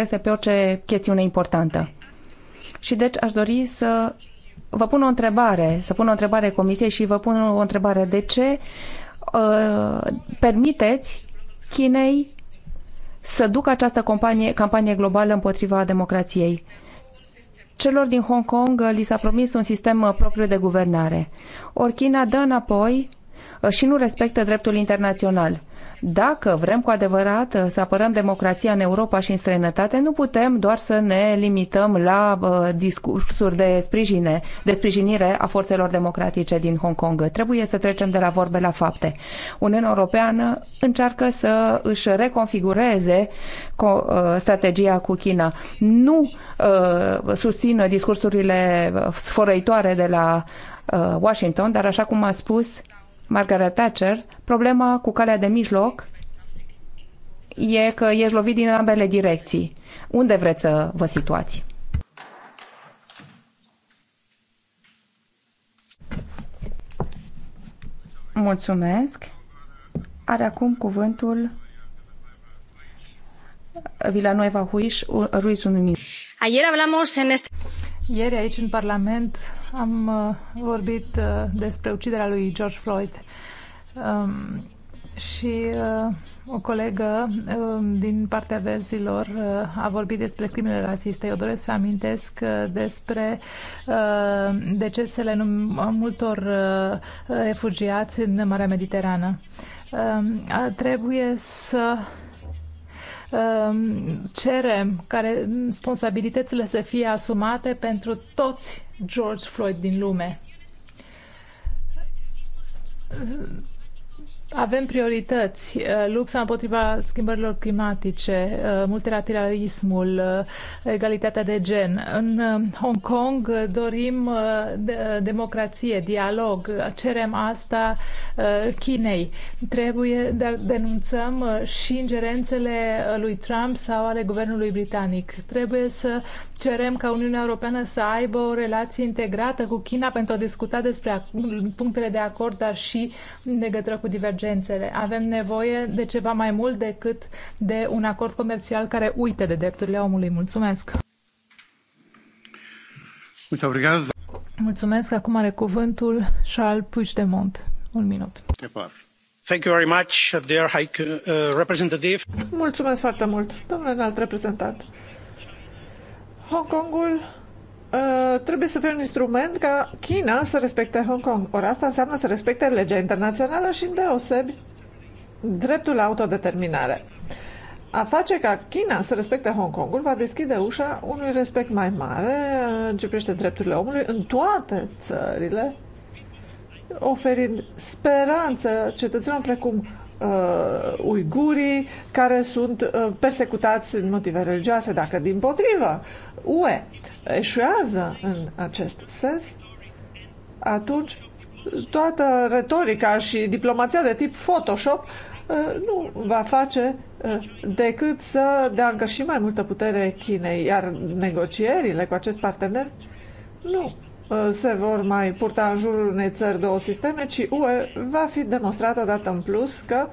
interese pe orice chestiune importantă. Și deci aș dori să vă pun o întrebare, să pun o întrebare comisiei și vă pun o întrebare. De ce uh, permiteți Chinei să ducă această companie, campanie globală împotriva democrației? Celor din Hong Kong li s-a promis un sistem uh, propriu de guvernare. Ori China dă înapoi uh, și nu respectă dreptul internațional. Dacă vrem cu adevărat uh, să apărăm democrația în Europa și în străinătate, nu putem doar să ne limităm la uh, discursuri de, sprijine, de sprijinire a forțelor democratice din Hong Kong. Trebuie să trecem de la vorbe la fapte. Uniunea Europeană încearcă să își reconfigureze uh, strategia cu China. Nu uh, discursurile sfărăitoare de la Washington, dar așa cum a spus Margaret Thatcher, problema cu calea de mijloc e că ești lovit din ambele direcții. Unde vreți să vă situați? Mulțumesc. Are acum cuvântul Villanueva Ruiz, Ruiz Unumir. Ieri aici în Parlament am uh, vorbit uh, despre uciderea lui George Floyd um, și uh, o colegă um, din partea verzilor a vorbit despre crimele rasiste. Eu doresc să amintesc despre decesele multor refugiați în Marea Mediterană. Um, trebuie să Ehm, cerem ca responsabilitățile să fie asumate pentru toți George Floyd din lume avem priorități, uh, lupta împotriva schimbărilor climatice, uh, multilateralismul, uh, egalitatea de gen. În Hong Kong dorim democrație, dialog, cerem asta Chinei. Trebuie, dar denunțăm și ingerențele lui Trump sau ale guvernului britanic. Trebuie să cerem ca Uniunea Europeană să aibă o relație integrată cu China pentru a discuta despre punctele de acord, dar și în legătură cu divergențe diferențele. Avem nevoie de ceva mai mult decât de un acord comercial care uite de drepturile omului. Mulțumesc! Mulțumesc! Mulțumesc. Acum are cuvântul Charles Puigdemont. Un minut. Thank you very much, dear High uh, Representative. Mulțumesc foarte mult, domnule înalt reprezentant. Hong Kongul Uh, trebuie să fie un instrument ca China să respecte Hong Kong. Ori asta înseamnă să respecte legea internațională și îndeosebi dreptul la autodeterminare. A face ca China să respecte Hong Kongul va deschide ușa unui respect mai mare uh, în ce privește drepturile omului în toate țările, oferind speranță cetățenilor precum uh, uigurii care sunt uh, persecutați din motive religioase, dacă din potrivă UE eșuează în acest sens, atunci toată retorica și diplomația de tip Photoshop uh, nu va face uh, decât să dea încă și mai multă putere Chinei, iar negocierile cu acest partener nu Uh, se vor mai purta în jurul unei țări două sisteme, ci UE va fi demonstrat odată în plus că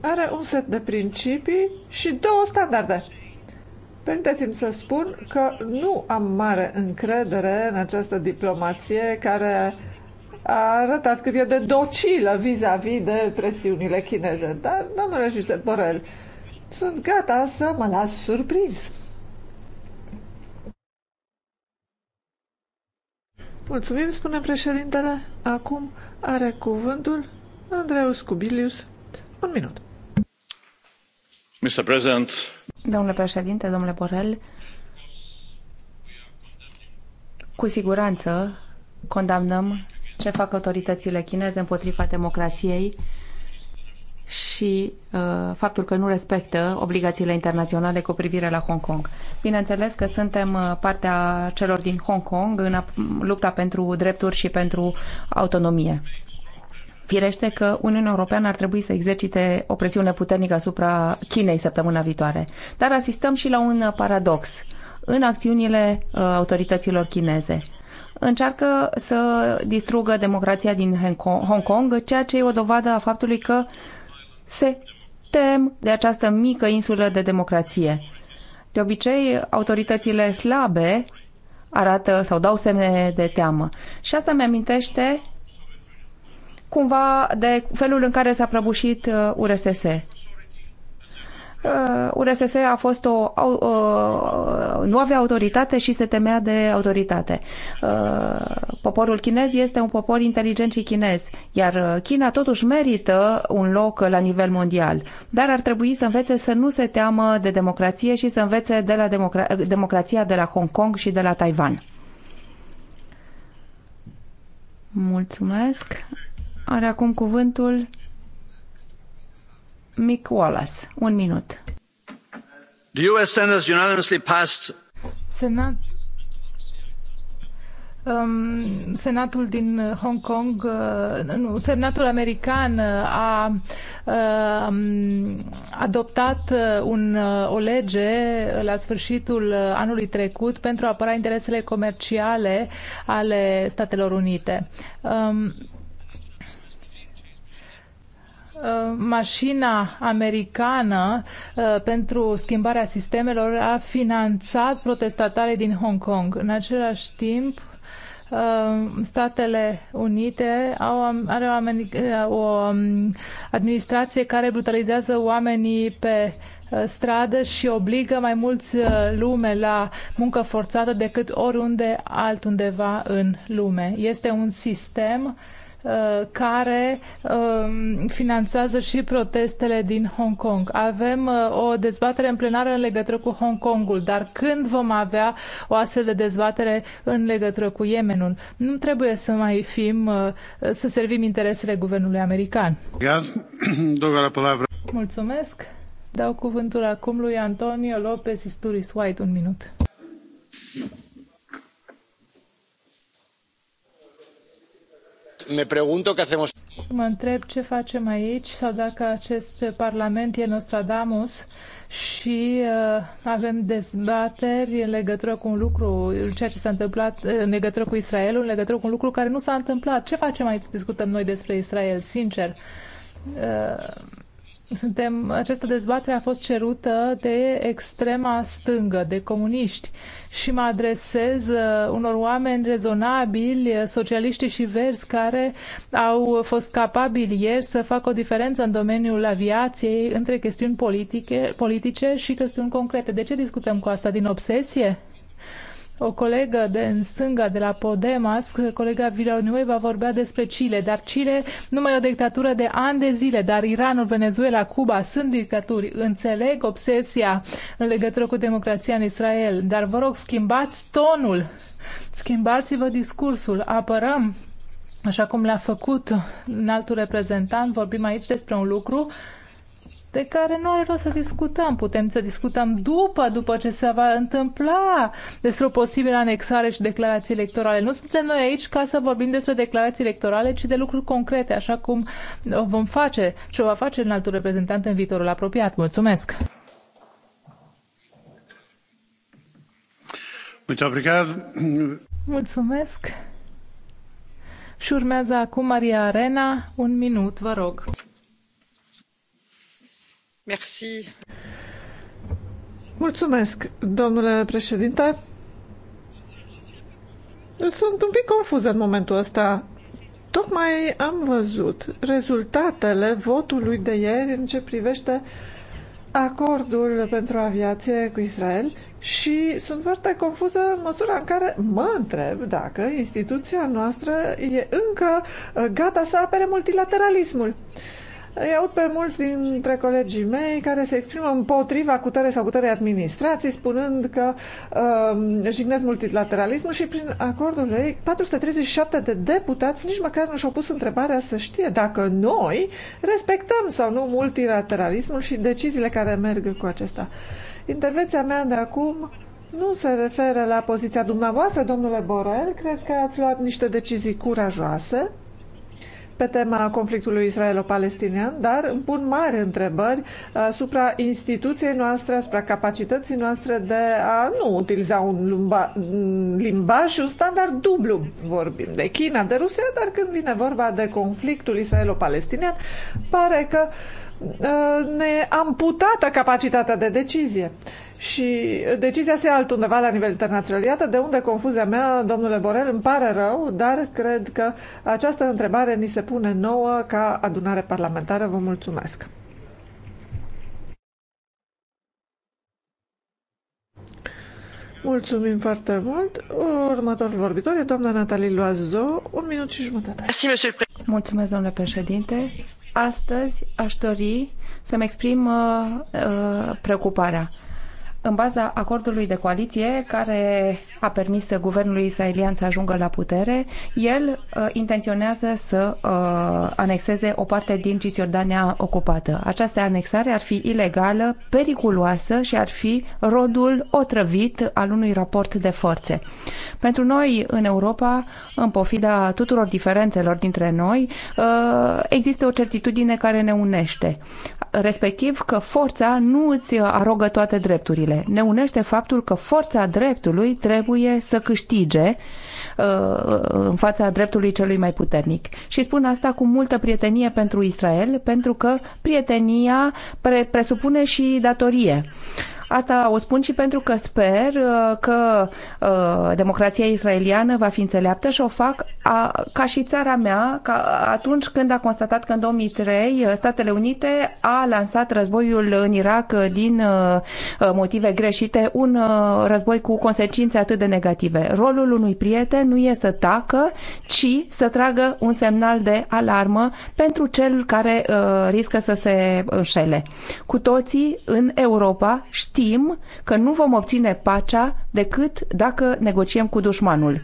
are un set de principii și două standarde. Permiteți-mi să spun că nu am mare încredere în această diplomație care a arătat cât e de docilă vis-a-vis -vis de presiunile chineze. Dar, domnule Josep Borel, sunt gata să mă las surprins. Mulțumim, spune președintele. Acum are cuvântul Andreus Cubilius. Un minut. Mr. President. Domnule președinte, domnule Borel, cu siguranță condamnăm ce fac autoritățile chineze împotriva democrației și uh, faptul că nu respectă obligațiile internaționale cu privire la Hong Kong. Bineînțeles că suntem uh, partea celor din Hong Kong în lupta pentru drepturi și pentru autonomie. Firește că Uniunea Europeană ar trebui să exercite o presiune puternică asupra Chinei săptămâna viitoare. Dar asistăm și la un paradox în acțiunile uh, autorităților chineze încearcă să distrugă democrația din Hong Kong, ceea ce e o dovadă a faptului că se tem de această mică insulă de democrație. De obicei, autoritățile slabe arată sau dau semne de teamă. Și asta mi-amintește cumva de felul în care s-a prăbușit URSS. Uh, URSS uh, a fost o, o, o, uh, nu avea autoritate și se temea de autoritate. Uh, poporul chinez este un popor inteligent și chinez, iar China totuși merită un loc la nivel mondial, dar ar trebui să învețe să nu se teamă de democrație și să învețe de la democra- democrația de la Hong Kong și de la Taiwan. Mulțumesc. Are acum cuvântul Mick Wallace, un minut. The US Senate unanimously passed Senat um, Senatul din Hong Kong, uh, nu, Senatul american uh, a, uh, um, adoptat un, o lege la sfârșitul anului trecut pentru a apăra interesele comerciale ale Statelor Unite. Um, Uh, mașina americană uh, pentru schimbarea sistemelor a finanțat protestatarii din Hong Kong. În același timp, uh, Statele Unite au, are o, o um, administrație care brutalizează oamenii pe stradă și obligă mai mulți lume la muncă forțată decât oriunde altundeva în lume. Este un sistem Uh, care um, finanțează și protestele din Hong Kong. Avem uh, o dezbatere în plenară în legătură cu Hong Kongul, dar când vom avea o astfel de dezbatere în legătură cu Yemenul? Nu trebuie să mai fim, uh, să servim interesele guvernului american. Mulțumesc. Dau cuvântul acum lui Antonio Lopez Isturis White, un minut. Me pregunto qué hacemos. Mă întreb ce facem aici sau dacă acest parlament e Nostradamus și uh, avem dezbateri în legătură cu un lucru, ceea ce s-a întâmplat uh, în legătură cu Israelul, în legătură cu un lucru care nu s-a întâmplat. Ce facem aici? Discutăm noi despre Israel, sincer. Uh, suntem, această dezbatere a fost cerută de extrema stângă, de comuniști și mă adresez uh, unor oameni rezonabili, uh, socialiști și verzi, care au fost capabili ieri să facă o diferență în domeniul aviației între chestiuni politice, politice și chestiuni concrete. De ce discutăm cu asta? Din obsesie? O colegă de în stânga de la Podemas, colega Villanueva, vorbea despre Chile, dar Chile nu e o dictatură de ani de zile, dar Iranul, Venezuela, Cuba sunt dictaturi. Înțeleg obsesia în legătură cu democrația în Israel, dar vă rog, schimbați tonul, schimbați-vă discursul, apărăm Așa cum l-a făcut în altul reprezentant, vorbim aici despre un lucru de care nu are rost să discutăm. Putem să discutăm după, după ce se va întâmpla despre o posibilă anexare și declarații electorale. Nu suntem noi aici ca să vorbim despre declarații electorale, ci de lucruri concrete, așa cum o vom face și o va face în altul reprezentant în viitorul apropiat. Mulțumesc! Mulțumesc! Și urmează acum Maria Arena. Un minut, vă rog. Merci. Mulțumesc, domnule președinte. Sunt un pic confuză în momentul ăsta. Tocmai am văzut rezultatele votului de ieri în ce privește acordul pentru aviație cu Israel și sunt foarte confuză în măsura în care mă întreb dacă instituția noastră e încă gata să apere multilateralismul. Uh, îi aud pe mulți dintre colegii mei care se exprimă împotriva tare sau tare administrații, spunând că uh, jignesc multilateralismul și prin acordul ei 437 de deputați nici măcar nu și-au pus întrebarea să știe dacă noi respectăm sau nu multilateralismul și deciziile care merg cu acesta. Intervenția mea de acum nu se referă la poziția dumneavoastră, domnule Borel. Cred că ați luat niște decizii curajoase pe tema conflictului israelo-palestinian, dar îmi pun mari întrebări uh, asupra instituției noastre, asupra capacității noastre de a nu utiliza un limbaj și un standard dublu. Vorbim de China, de Rusia, dar când vine vorba de conflictul israelo-palestinian, pare că uh, Uh, ne amputată capacitatea de decizie. Și decizia se ia altundeva la nivel internațional. Iată de unde confuzia mea, domnule Borel, îmi pare rău, dar cred că această întrebare ni se pune nouă ca adunare parlamentară. Vă mulțumesc. Mulțumim foarte mult. Următorul vorbitor e doamna Natalie Loazo, un minut și jumătate. Mulțumesc, domnule președinte. Astăzi aș dori să-mi exprim uh, uh, preocuparea în baza acordului de coaliție care a permis guvernului israelian să ajungă la putere, el uh, intenționează să uh, anexeze o parte din Cisjordania ocupată. Această anexare ar fi ilegală, periculoasă și ar fi rodul otrăvit al unui raport de forțe. Pentru noi, în Europa, în pofida tuturor diferențelor dintre noi, uh, există o certitudine care ne unește, respectiv că forța nu îți arogă toate drepturile lucrurile. Ne unește faptul că forța dreptului trebuie să câștige uh, uh, în fața dreptului celui mai puternic. Și spun asta cu multă prietenie pentru Israel, pentru că prietenia pre presupune și datorie. Uh, Asta o spun și pentru că sper uh, că uh, democrația israeliană va fi înțeleaptă și o fac a, ca și țara mea ca atunci când a constatat că în 2003 uh, Statele Unite a lansat războiul în Irak din motive greșite, un război cu consecințe atât de negative. Rolul unui prieten nu e să tacă, ci să tragă un semnal de alarmă pentru cel care riscă să se înșele. Cu toții în Europa știm știm că nu vom obține pacea decât dacă negociem cu dușmanul.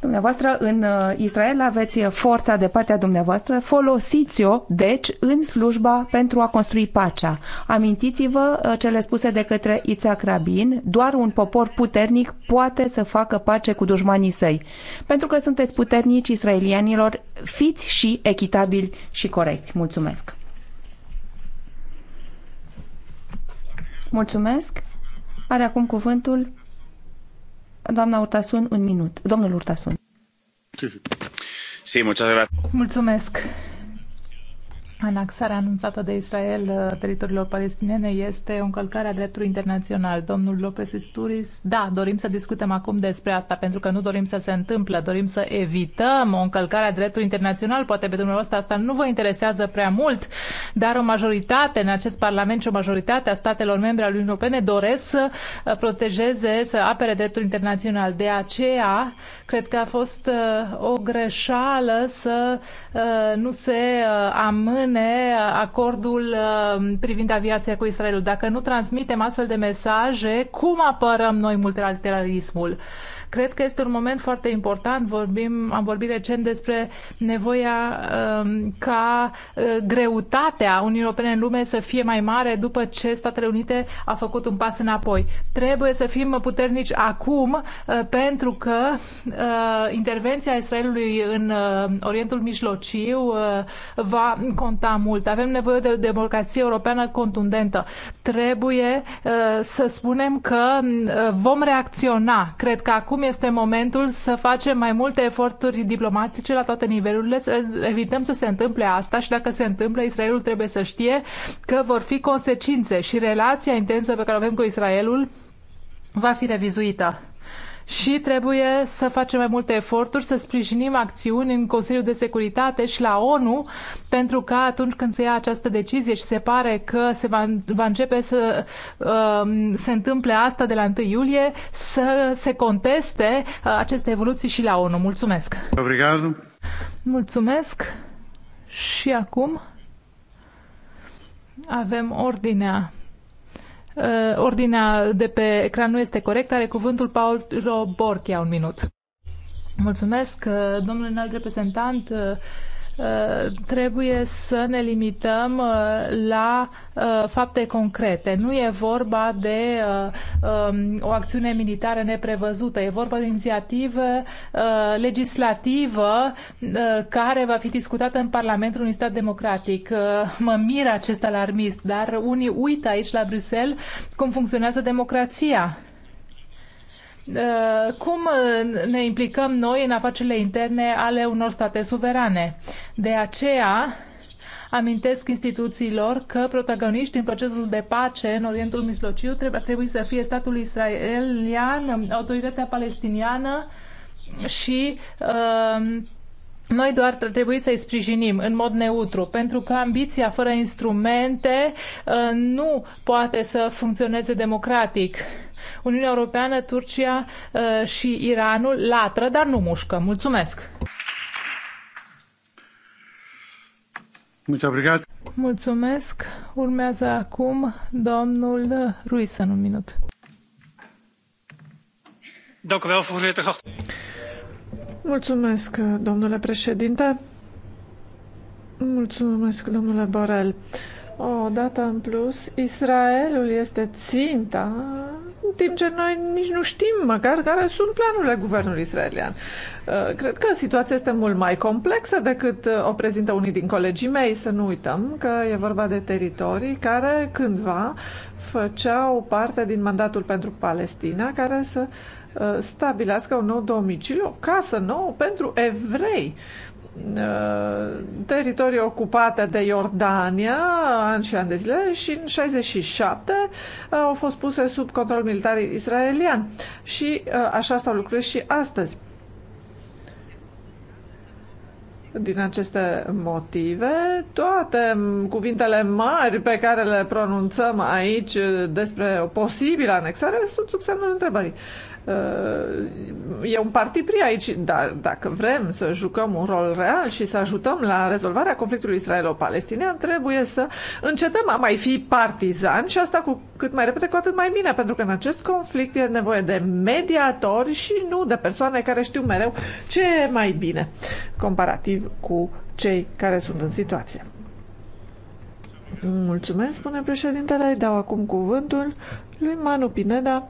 Dumneavoastră, în uh, Israel aveți forța de partea dumneavoastră, folosiți-o, deci, în slujba pentru a construi pacea. Amintiți-vă uh, cele spuse de către Itzhak Rabin, doar un popor puternic poate să facă pace cu dușmanii săi. Pentru că sunteți puternici israelianilor, fiți și echitabili și corecți. Mulțumesc! Mulțumesc. Are acum cuvântul doamna Urtasun, un minut. Domnul Urtasun. Sí, muchas gracias. Mulțumesc. Anaxarea anunțată de Israel uh, teritoriilor palestinene este o încălcare a dreptului internațional. Domnul Lopez Isturis, da, dorim să discutăm acum despre asta, pentru că nu dorim să se întâmple, dorim să evităm o încălcare a dreptului internațional. Poate pe dumneavoastră asta nu vă interesează prea mult, dar o majoritate în acest Parlament și o majoritate a statelor membre al Uniunii Europene doresc să uh, protejeze, să apere dreptul internațional. De aceea, cred că a fost uh, o greșeală să nu se amână susține acordul uh, privind aviația cu Israelul. Dacă nu transmitem astfel de mesaje, cum apărăm noi multilateralismul? Cred că este un moment foarte important. Vorbim, am vorbit recent despre nevoia um, ca uh, greutatea Uniunii Europene în lume să fie mai mare după ce Statele Unite a făcut un pas înapoi. Trebuie să fim puternici acum uh, pentru că uh, intervenția Israelului în Orientul Mijlociu va conta mult. Avem nevoie de o democrație europeană contundentă. Trebuie să spunem că vom reacționa. Cred că acum acum este momentul să facem mai multe eforturi diplomatice la toate nivelurile, să evităm să se întâmple asta și dacă se întâmplă, Israelul trebuie să știe că vor fi consecințe și relația intensă pe care o avem cu Israelul va fi revizuită și trebuie să facem mai multe eforturi, să sprijinim acțiuni în Consiliul de Securitate și la ONU, pentru că atunci când se ia această decizie și se pare că se va, va începe să uh, se întâmple asta de la 1 iulie, să se conteste uh, aceste evoluții și la ONU. Mulțumesc! Obrigado. Mulțumesc! Și acum avem ordinea Uh, ordinea de pe ecran nu este corectă. Are cuvântul Paul Roborchia, un minut. Mulțumesc, uh, domnule înalt reprezentant. Uh, Uh, trebuie să ne limităm uh, la uh, fapte concrete. Nu e vorba de um, o acțiune militară neprevăzută, e vorba de inițiativă legislativă care va fi discutată în Parlamentul unui stat democratic. Mă miră acest alarmist, dar unii uită aici la Bruxelles cum funcționează democrația Uh, cum uh, ne implicăm noi în afacerile interne ale unor state suverane. De aceea, amintesc instituțiilor că protagoniști în procesul de pace în Orientul Mijlociu trebuie, trebuie să fie statul israelian, autoritatea palestiniană și uh, noi doar trebuie să-i sprijinim în mod neutru, pentru că ambiția fără instrumente uh, nu poate să funcționeze democratic. Uniunea Europeană, Turcia uh, și Iranul latră, dar nu mușcă. Mulțumesc! Mulțumesc! Mulțumesc. Urmează acum domnul Ruiz în un minut. Mulțumesc, domnule președinte. Mulțumesc, domnule Borel. O dată în plus, Israelul este ținta în timp ce noi nici nu știm măcar care sunt planurile guvernului israelian. Uh, cred că situația este mult mai complexă decât uh, o prezintă unii din colegii mei. Să nu uităm că e vorba de teritorii care cândva făceau parte din mandatul pentru Palestina, care să uh, stabilească un nou domiciliu, o casă nouă pentru evrei. Uh, Uh, teritorii ocupate de Iordania ani și ani de zile și în 67 uh, au fost puse sub control militar israelian și uh, așa stau lucrurile și astăzi. Din aceste motive, toate cuvintele mari pe care le pronunțăm aici despre o posibilă anexare sunt sub semnul întrebării e un parti aici, dar dacă vrem să jucăm un rol real și să ajutăm la rezolvarea conflictului israelo-palestinian, trebuie să încetăm a mai fi partizan și asta cu cât mai repede, cu atât mai bine, pentru că în acest conflict e nevoie de mediatori și nu de persoane care știu mereu ce e mai bine, comparativ cu cei care sunt în situație. Mulțumesc, spune președintele. Dau acum cuvântul lui Manu Pineda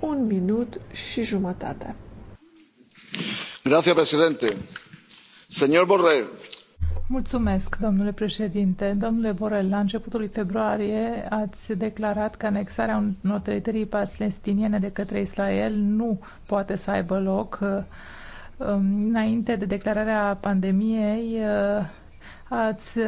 un minut și jumătate. Grazie, președinte. Señor Borrell. Mulțumesc, domnule președinte. Domnule Borrell, la începutul lui februarie ați declarat că anexarea unor teritorii palestiniene de către Israel nu poate să aibă loc. Înainte de declararea pandemiei, Ați, uh,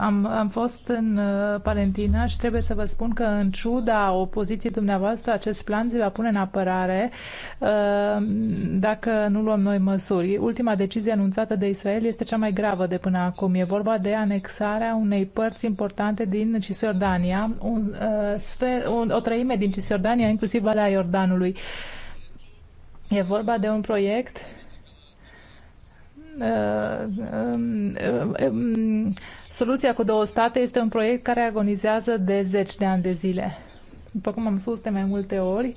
am, am fost în uh, Palentina și trebuie să vă spun că în ciuda opoziției dumneavoastră acest plan se va pune în apărare uh, dacă nu luăm noi măsuri. Ultima decizie anunțată de Israel este cea mai gravă de până acum. E vorba de anexarea unei părți importante din Cisjordania, un, sfer, un, o treime din Cisjordania, inclusiv Valea Iordanului. E vorba de un proiect soluția cu două state este un proiect care agonizează de zeci de ani de zile. După cum am spus de mai multe ori,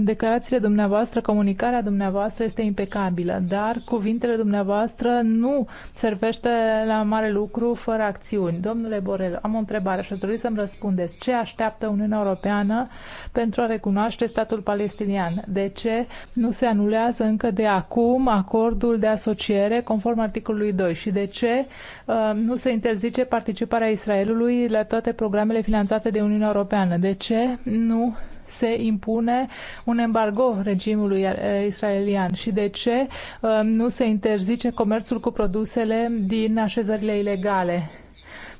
declarațiile dumneavoastră, comunicarea dumneavoastră este impecabilă, dar cuvintele dumneavoastră nu servește la mare lucru fără acțiuni. Domnule Borel, am o întrebare și trebuie să-mi răspundeți. Ce așteaptă Uniunea Europeană pentru a recunoaște statul palestinian? De ce nu se anulează încă de acum acordul de asociere conform articolului 2 și de ce uh, nu se interzice participarea Israelului la toate programele finanțate de Uniunea Europeană? De ce nu se impune un embargo regimului eh, israelian și de ce eh, nu se interzice comerțul cu produsele din așezările ilegale.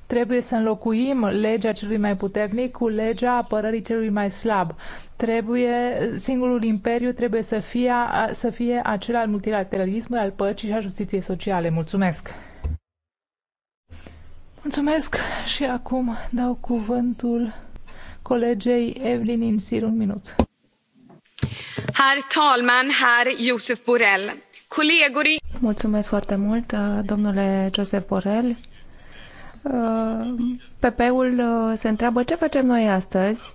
Trebuie să înlocuim legea celui mai puternic cu legea apărării celui mai slab. Trebuie, singurul imperiu trebuie să fie, să fie acela al multilateralismului, al păcii și a justiției sociale. Mulțumesc! Mulțumesc și acum dau cuvântul colegei Evelyn Insir, un minut. Herr talman, herr Josef Borrell. Colegorii... Mulțumesc foarte mult, uh, domnule Josef Borrell. Uh, PP-ul uh, se întreabă ce facem noi astăzi,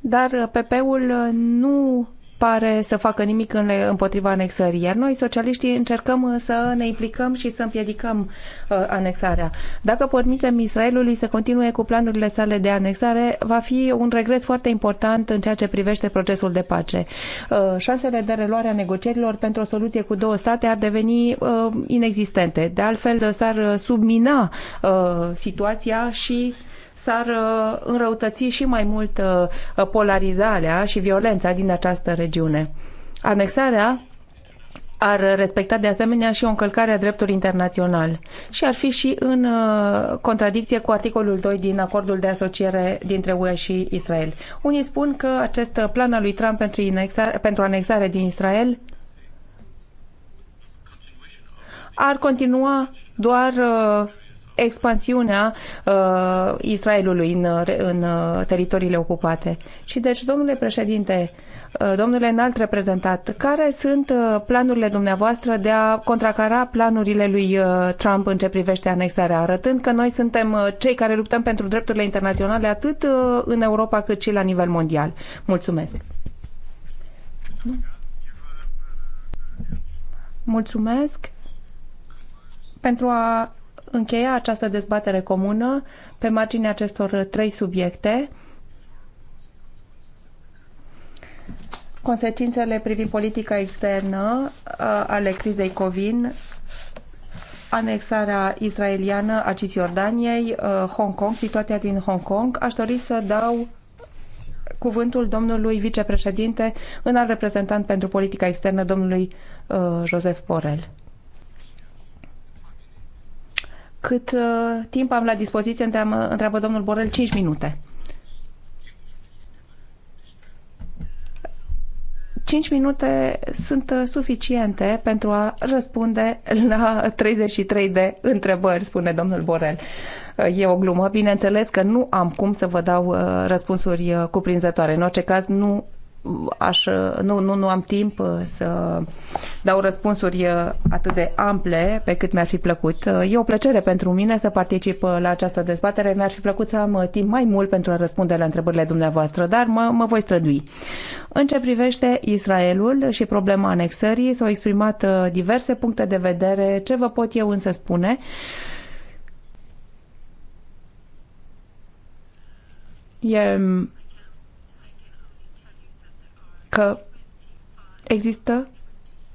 dar PP-ul nu pare să facă nimic în le, împotriva anexării, iar noi, socialiștii, încercăm uh, să ne implicăm și să împiedicăm uh, anexarea. Dacă permitem Israelului să continue cu planurile sale de anexare, va fi un regres foarte important în ceea ce privește procesul de pace. Uh, șansele de reluare a negocierilor pentru o soluție cu două state ar deveni uh, inexistente. De altfel, s-ar uh, submina uh, situația și uh, s-ar înrăutăți și mai mult uh, polarizarea și violența din această regiune. Anexarea ar respecta de asemenea și o încălcare a dreptului internațional și ar fi și în uh, contradicție cu articolul 2 din acordul de asociere dintre UE și Israel. Unii spun că acest plan al lui Trump pentru, inexare, pentru anexare din Israel ar continua doar uh, expansiunea uh, Israelului în, în uh, teritoriile ocupate. Și deci, domnule președinte, uh, domnule înalt reprezentat, care sunt uh, planurile dumneavoastră de a contracara planurile lui Trump în ce privește anexarea, arătând că noi suntem cei care luptăm pentru drepturile internaționale atât în Europa cât și la nivel mondial. Mulțumesc! Mulțumesc pentru a încheia această dezbatere comună pe marginea acestor trei subiecte. Consecințele privind politica externă uh, ale crizei COVID, anexarea israeliană a Cisjordaniei, uh, Hong Kong, situația din Hong Kong. Aș dori să dau cuvântul domnului vicepreședinte, în al reprezentant pentru politica externă, domnului uh, Joseph Borel. Cât uh, timp am la dispoziție, întreabă, întreabă domnul Borel, 5 minute. 5 minute sunt uh, suficiente pentru a răspunde la 33 de întrebări, spune domnul Borel. Uh, e o glumă, bineînțeles că nu am cum să vă dau uh, răspunsuri cuprinzătoare. În orice caz, nu aș, nu, nu, nu am timp uh, să dau răspunsuri uh, atât de ample pe cât mi-ar fi plăcut. Uh, e o plăcere pentru mine să particip la această dezbatere. Mi-ar fi plăcut să am timp mai mult pentru a răspunde la întrebările dumneavoastră, dar mă, mă voi strădui. În ce privește Israelul și problema anexării, s-au exprimat diverse puncte de vedere. Ce vă pot eu însă spune? E că există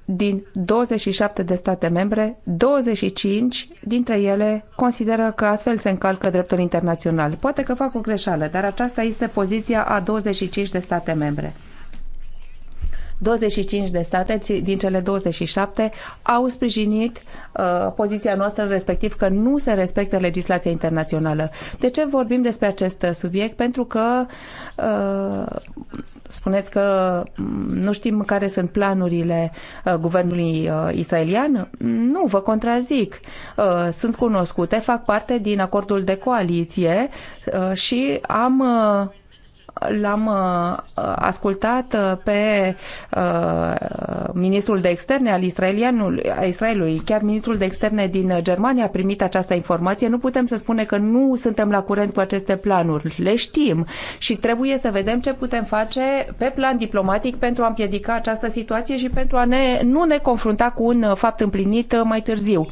din 27 de state membre, 25 dintre ele consideră că astfel se încalcă dreptul internațional. Poate că fac o greșeală, dar aceasta este poziția a 25 de state membre. 25 de state din cele 27 au sprijinit uh, poziția noastră respectiv că nu se respectă legislația internațională. De ce vorbim despre acest subiect? Pentru că uh, Spuneți că mm, nu știm care sunt planurile uh, guvernului uh, israelian? Nu, vă contrazic. Uh, sunt cunoscute, fac parte din acordul de coaliție și am l-am uh, uh, ascultat uh, pe ministrul de externe al Israelului, chiar ministrul de externe din Germania a primit această informație. Nu putem să spunem că nu suntem la curent cu aceste planuri. Le știm și trebuie să vedem ce putem face pe plan diplomatic pentru a împiedica această situație și pentru a ne, nu ne confrunta cu un fapt împlinit mai târziu.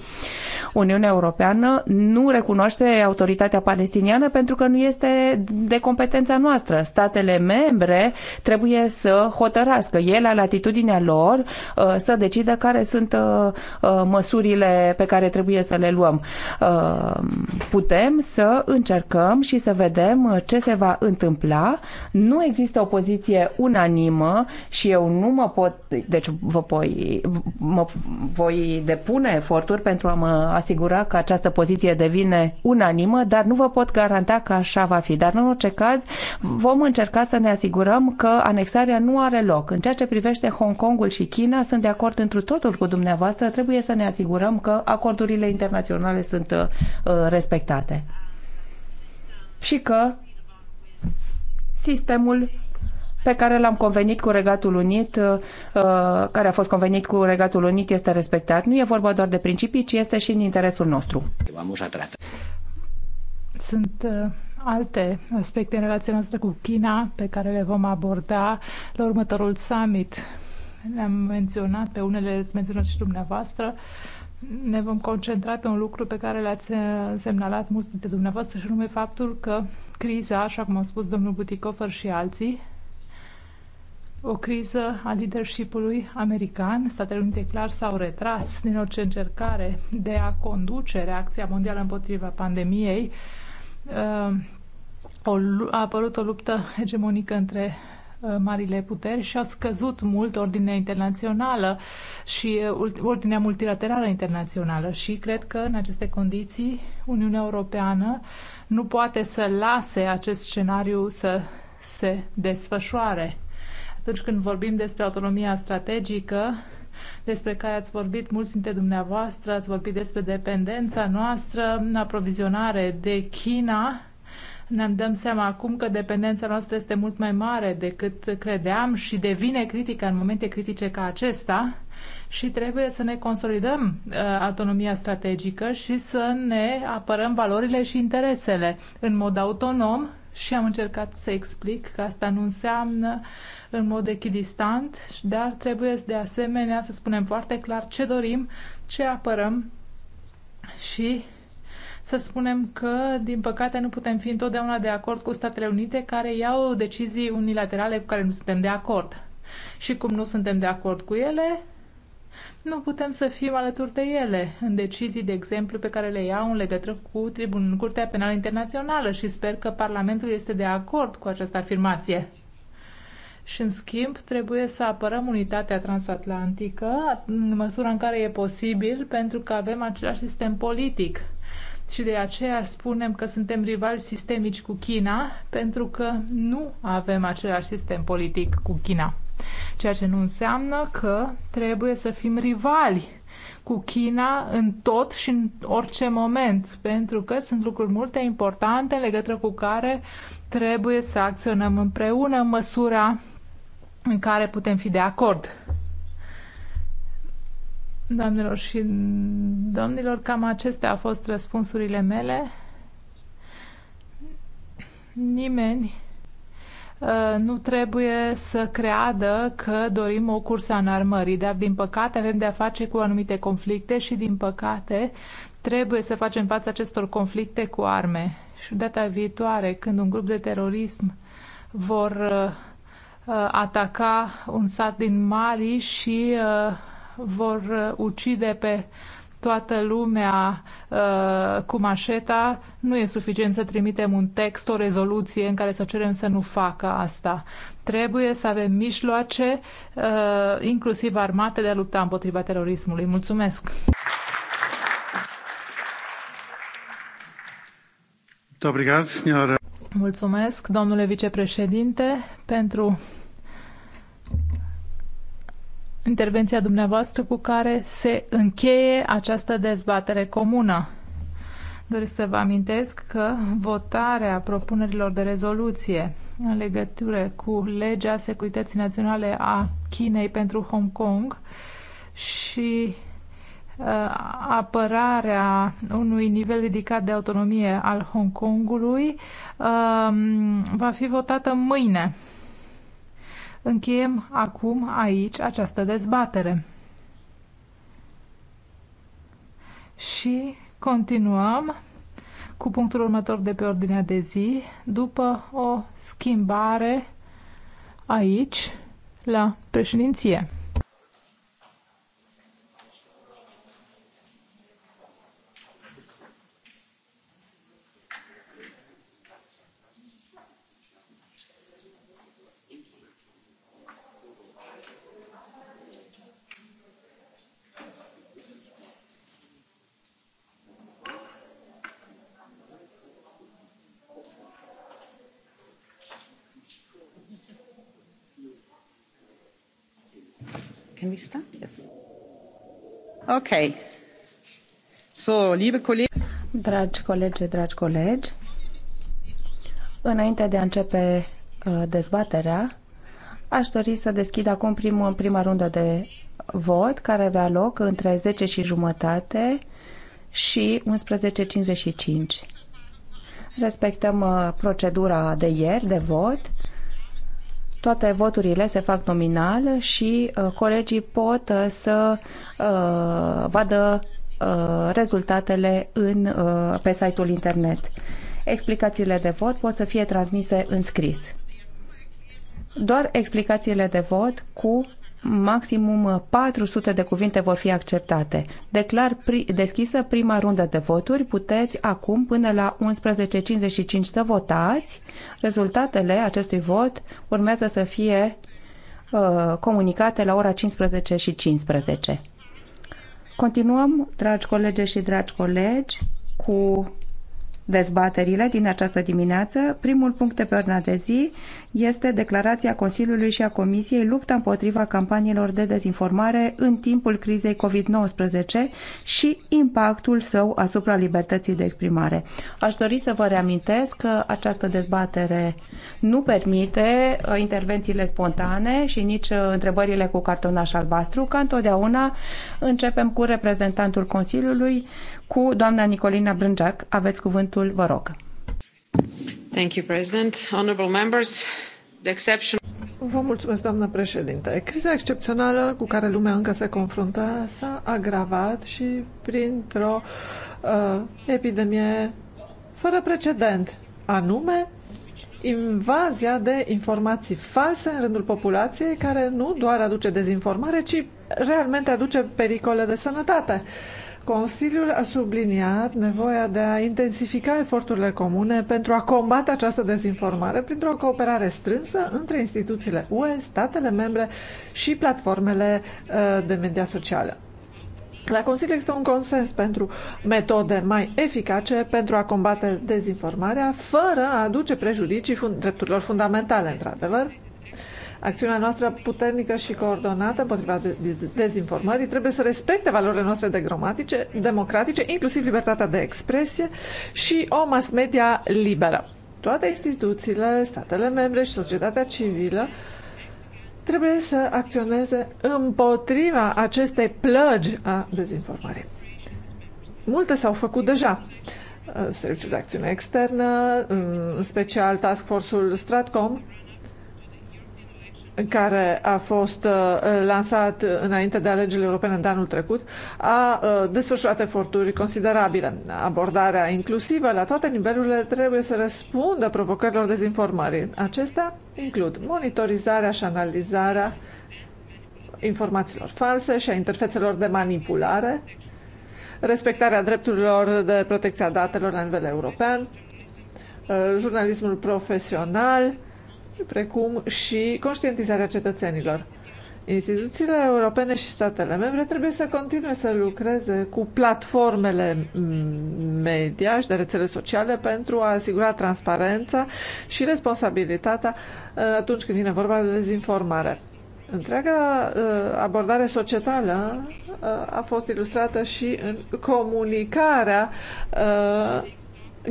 Uniunea Europeană nu recunoaște autoritatea palestiniană pentru că nu este de competența noastră statele membre trebuie să hotărască el la latitudinea lor uh, să decidă care sunt uh, uh, măsurile pe care trebuie să le luăm. Putem să încercăm și să vedem ce se va întâmpla. Nu există o poziție unanimă și eu nu mă pot, deci vă voi, mă voi depune eforturi pentru a mă asigura că această poziție devine unanimă, dar nu vă pot garanta că așa va fi. Dar în orice caz vom încercat să ne asigurăm că anexarea nu are loc. În ceea ce privește Hong Kongul și China, sunt de acord întru totul cu dumneavoastră. Trebuie să ne asigurăm că acordurile internaționale sunt uh, respectate. Și că sistemul pe care l-am convenit cu Regatul Unit, uh, care a fost convenit cu Regatul Unit, este respectat. Nu e vorba doar de principii, ci este și în interesul nostru. Sunt uh, alte aspecte în relația noastră cu China pe care le vom aborda la următorul summit. Le-am menționat, pe unele le-ați menționat și dumneavoastră. Ne vom concentra pe un lucru pe care l-ați uh, semnalat mulți dintre dumneavoastră și anume faptul că criza, așa cum a spus domnul Buticofer și alții, o criză a leadershipului american. Statele Unite clar s-au retras din orice încercare de a conduce reacția mondială împotriva pandemiei uh, a apărut o luptă hegemonică între uh, marile puteri și a scăzut mult ordinea internațională și uh, ordinea multilaterală internațională și cred că în aceste condiții Uniunea Europeană nu poate să lase acest scenariu să se desfășoare. Atunci când vorbim despre autonomia strategică, despre care ați vorbit mulți dintre dumneavoastră, ați vorbit despre dependența noastră în aprovizionare de China, ne dăm seama acum că dependența noastră este mult mai mare decât credeam și devine critică în momente critice ca acesta și trebuie să ne consolidăm uh, autonomia strategică și să ne apărăm valorile și interesele în mod autonom și am încercat să explic că asta nu înseamnă în mod echidistant, dar trebuie de asemenea să spunem foarte clar ce dorim, ce apărăm și să spunem că, din păcate, nu putem fi întotdeauna de acord cu Statele Unite care iau decizii unilaterale cu care nu suntem de acord. Și cum nu suntem de acord cu ele, nu putem să fim alături de ele în decizii, de exemplu, pe care le iau în legătură cu Tribunul Curtea Penală Internațională și sper că Parlamentul este de acord cu această afirmație. Și, în schimb, trebuie să apărăm unitatea transatlantică în măsura în care e posibil, pentru că avem același sistem politic – și de aceea spunem că suntem rivali sistemici cu China pentru că nu avem același sistem politic cu China. Ceea ce nu înseamnă că trebuie să fim rivali cu China în tot și în orice moment, pentru că sunt lucruri multe importante în legătură cu care trebuie să acționăm împreună în măsura în care putem fi de acord. Doamnelor și domnilor, cam acestea au fost răspunsurile mele. Nimeni uh, nu trebuie să creadă că dorim o cursă în armării, dar din păcate avem de-a face cu anumite conflicte și din păcate trebuie să facem față acestor conflicte cu arme. Și data viitoare, când un grup de terorism vor uh, uh, ataca un sat din Mali și vor uh, ucide pe toată lumea uh, cu mașeta, nu e suficient să trimitem un text, o rezoluție în care să cerem să nu facă asta. Trebuie să avem mijloace, uh, inclusiv armate, de a lupta împotriva terorismului. Mulțumesc! Mulțumesc, domnule vicepreședinte, pentru intervenția dumneavoastră cu care se încheie această dezbatere comună. Doresc să vă amintesc că votarea propunerilor de rezoluție în legătură cu legea securității naționale a Chinei pentru Hong Kong și uh, apărarea unui nivel ridicat de autonomie al Hong Kongului um, va fi votată mâine. Încheiem acum aici această dezbatere. Și continuăm cu punctul următor de pe ordinea de zi, după o schimbare aici, la președinție. we Yes. Okay. So, liebe Kollegen. Dragi colegi, dragi colegi, înainte de a începe uh, dezbaterea, aș dori să deschid acum primul, prima rundă de vot care avea loc între 10 și jumătate și 11.55. Respectăm uh, procedura de ieri de vot toate voturile se fac nominal și uh, colegii pot uh, să uh, vadă rezultatele în, pe site-ul internet. Explicațiile de vot pot să fie transmise în scris. Doar explicațiile de vot cu maximum 400 uh, de cuvinte vor fi acceptate. Declar pri- deschisă prima rundă de voturi. Puteți acum până la 11.55 să votați. Rezultatele acestui vot urmează să fie uh, comunicate la ora 15 și 15. Continuăm, dragi colegi și dragi colegi, cu dezbaterile din această dimineață. Primul punct de pe ordinea de zi este declarația Consiliului și a Comisiei lupta împotriva campaniilor de dezinformare în timpul crizei COVID-19 și impactul său asupra libertății de exprimare. Aș dori să vă reamintesc că această dezbatere nu permite uh, intervențiile spontane și nici uh, întrebările cu cartonaș albastru. Ca întotdeauna începem cu reprezentantul Consiliului, cu doamna Nicolina Brânjac. Aveți cuvântul, vă rog. Thank you, President. Honorable members, the exception... Vă mulțumesc, doamnă președinte. Criza excepțională cu care lumea încă se confruntă s-a agravat și printr-o uh, epidemie fără precedent, anume invazia de informații false în rândul populației, care nu doar aduce dezinformare, ci realmente aduce pericole de sănătate. Uh, Consiliul a subliniat nevoia de a intensifica eforturile comune pentru a combate această dezinformare printr-o cooperare strânsă între instituțiile UE, statele membre și platformele uh, de media socială. La Consiliu există un consens pentru metode mai eficace pentru a combate dezinformarea fără a aduce prejudicii fund drepturilor fundamentale, într-adevăr, Acțiunea noastră puternică și coordonată împotriva dezinformării trebuie să respecte valorile noastre democratice, democratice, inclusiv libertatea de expresie și o mass media liberă. Toate instituțiile, statele membre și societatea civilă trebuie să acționeze împotriva acestei plăgi a dezinformării. Multe s-au făcut deja. Serviciul de acțiune externă, în special Task Force-ul Stratcom, care a fost uh, lansat înainte de alegerile europene de anul trecut, a uh, desfășurat eforturi considerabile. Abordarea inclusivă la toate nivelurile trebuie să răspundă provocărilor dezinformării. Acestea includ monitorizarea și analizarea informațiilor false și a interfețelor de manipulare, respectarea drepturilor de protecție a datelor la nivel european, uh, jurnalismul profesional, precum și conștientizarea cetățenilor. Instituțiile europene și statele membre trebuie să continue să lucreze cu platformele media și de rețele sociale pentru a asigura transparența și responsabilitatea uh, atunci când vine vorba de dezinformare. Întreaga uh, abordare societală uh, a fost ilustrată și în comunicarea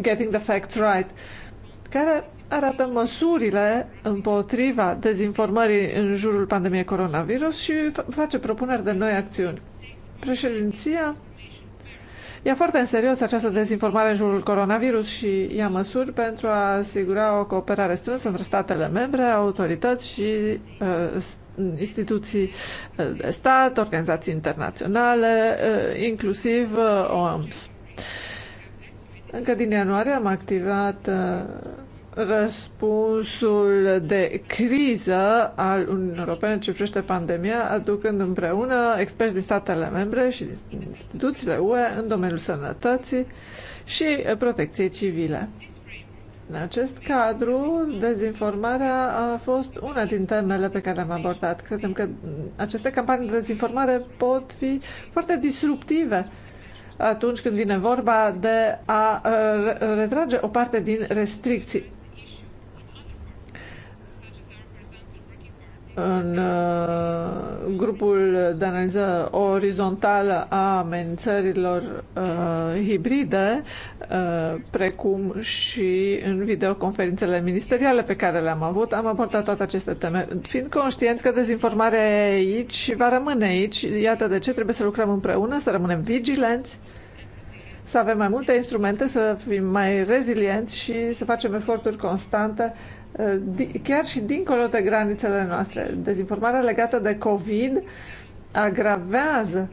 Getting the Facts Right, care arată măsurile împotriva dezinformării în jurul pandemiei coronavirus și face propuneri de noi acțiuni. Președinția ia foarte în serios această dezinformare în jurul coronavirus și ia măsuri pentru a asigura o cooperare strânsă între statele membre, autorități și uh, instituții uh, de stat, organizații internaționale, uh, inclusiv uh, OMS. Încă din ianuarie am activat uh, răspunsul de criză al Uniunii Europene ce privește pandemia, aducând împreună experți din statele membre și din instituțiile UE în domeniul sănătății și protecției civile. În acest cadru, dezinformarea a fost una din temele pe care le-am abordat. Credem că aceste campanii de dezinformare pot fi foarte disruptive atunci când vine vorba de a uh, retrage o parte din restricții. în uh, grupul de analiză orizontală a amenințărilor uh, hibride, uh, precum și în videoconferințele ministeriale pe care le-am avut, am abordat toate aceste teme, fiind conștienți că dezinformarea e aici și va rămâne aici. Iată de ce trebuie să lucrăm împreună, să rămânem vigilenți, să avem mai multe instrumente, să fim mai rezilienți și să facem eforturi constante Eh, chiar și dincolo de granițele noastre. Dezinformarea legată de COVID agravează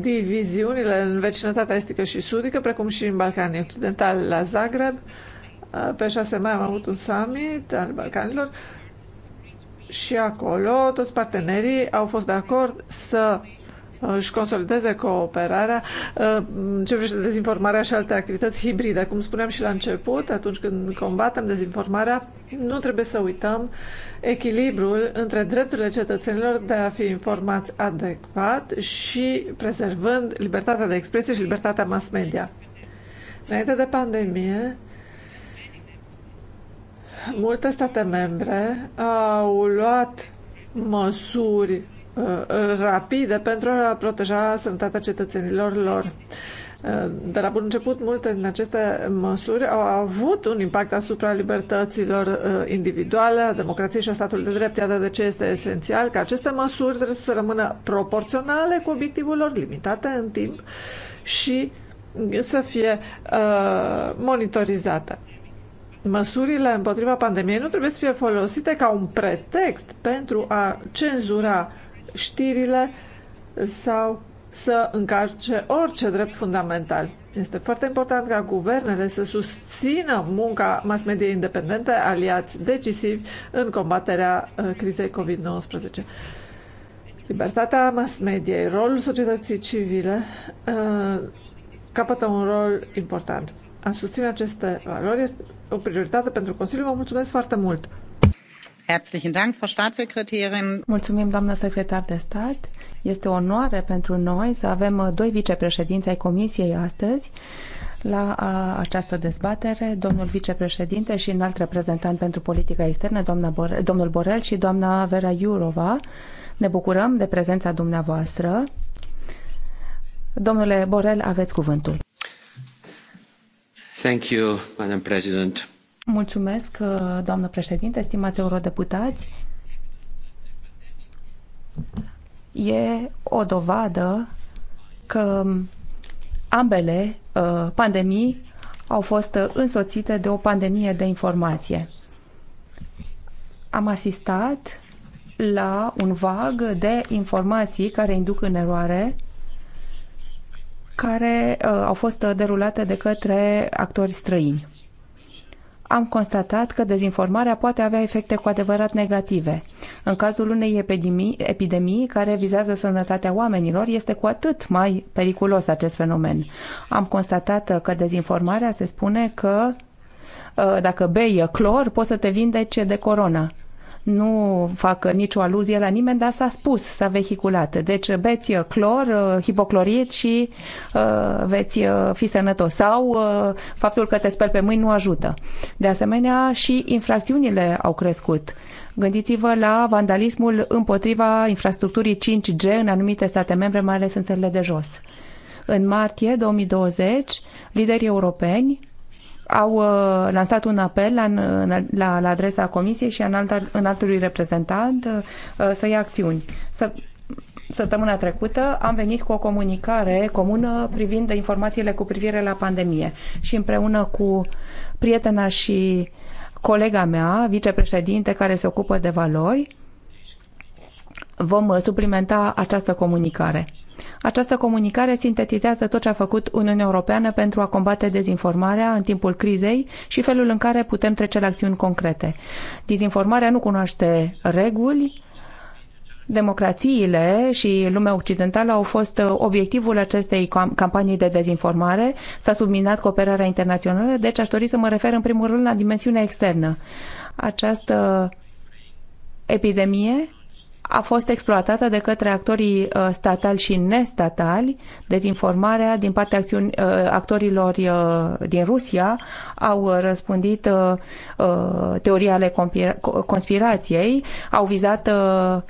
diviziunile în vecinătatea estică și sudică, precum și în Balcanii Occidentali, la Zagreb. Eh, pe 6 mai am avut un summit al Balcanilor și acolo toți partenerii au fost de acord să își consolideze cooperarea uh, ce privește dezinformarea și alte activități hibride. Cum spuneam și la început, atunci când combatem dezinformarea, nu trebuie să uităm echilibrul între drepturile cetățenilor de a fi informați adecvat și prezervând libertatea de expresie și libertatea mass media. Înainte de pandemie, multe state membre au luat măsuri Uh, rapide pentru a proteja sănătatea cetățenilor lor. Uh, de la bun început, multe din aceste măsuri au avut un impact asupra libertăților uh, individuale, a democrației și a statului de drept. Iată de ce este esențial că aceste măsuri trebuie să rămână proporționale cu obiectivul lor, limitate în timp și să fie monitorizate. Măsurile împotriva pandemiei nu trebuie să fie folosite ca un pretext pentru a cenzura știrile sau să încarce orice drept fundamental. Este foarte important ca guvernele să susțină munca mass media independente, aliați decisivi în combaterea uh, crizei COVID-19. Libertatea mass media, rolul societății civile uh, capătă un rol important. A susține aceste valori este o prioritate pentru Consiliu. Vă mulțumesc foarte mult! Herzlichen Dank, Frau Staatssekretärin. Mulțumim, doamnă secretar de stat. Este o onoare pentru noi să avem uh, doi vicepreședinți ai Comisiei astăzi la uh, această dezbatere, domnul vicepreședinte și înalt reprezentant pentru politica externă, doamna Bore- domnul Borel și doamna Vera Iurova. Ne bucurăm de prezența dumneavoastră. Domnule Borel, aveți cuvântul. Thank you, Madam President. Mulțumesc, uh, doamnă președinte, stimați eurodeputați. E o dovadă că ambele uh, pandemii au fost însoțite de o pandemie de informație. Am asistat la un vag de informații care induc în eroare, care uh, au fost derulate de către actori străini am constatat că dezinformarea poate avea efecte cu adevărat negative. În cazul unei epidemii, epidemii care vizează sănătatea oamenilor, este cu atât mai periculos acest fenomen. Am constatat că dezinformarea se spune că uh, dacă bei clor, poți să te vindeci de corona. Nu fac nicio aluzie la nimeni, dar s-a spus, s-a vehiculat. Deci beți clor, uh, hipoclorit și uh, veți uh, fi sănătos. Sau faptul că te speli pe mâini nu ajută. De asemenea, și infracțiunile au crescut. Gândiți-vă la vandalismul împotriva infrastructurii 5G în anumite state membre, mai ales în țările de jos. În martie 2020, liderii europeni au uh, lansat un apel la, la, la adresa Comisiei și în altului reprezentant uh, să ia acțiuni. Să, Săptămâna trecută am venit cu o comunicare comună privind informațiile cu privire la pandemie și împreună cu prietena și colega mea, vicepreședinte care se ocupă de valori, vom uh, suplimenta această comunicare. Această comunicare sintetizează tot ce a făcut Uniunea Europeană pentru a combate dezinformarea în timpul crizei și felul în care putem trece la acțiuni concrete. Dezinformarea nu cunoaște reguli, democrațiile și lumea occidentală au fost obiectivul acestei campanii de dezinformare. S-a subminat cooperarea internațională, deci aș dori să mă refer în primul rând la dimensiunea externă. Această epidemie a fost exploatată de către actorii uh, statali și nestatali. Dezinformarea din partea acțiuni, uh, actorilor uh, din Rusia au răspândit teoria ale conspirației, au vizat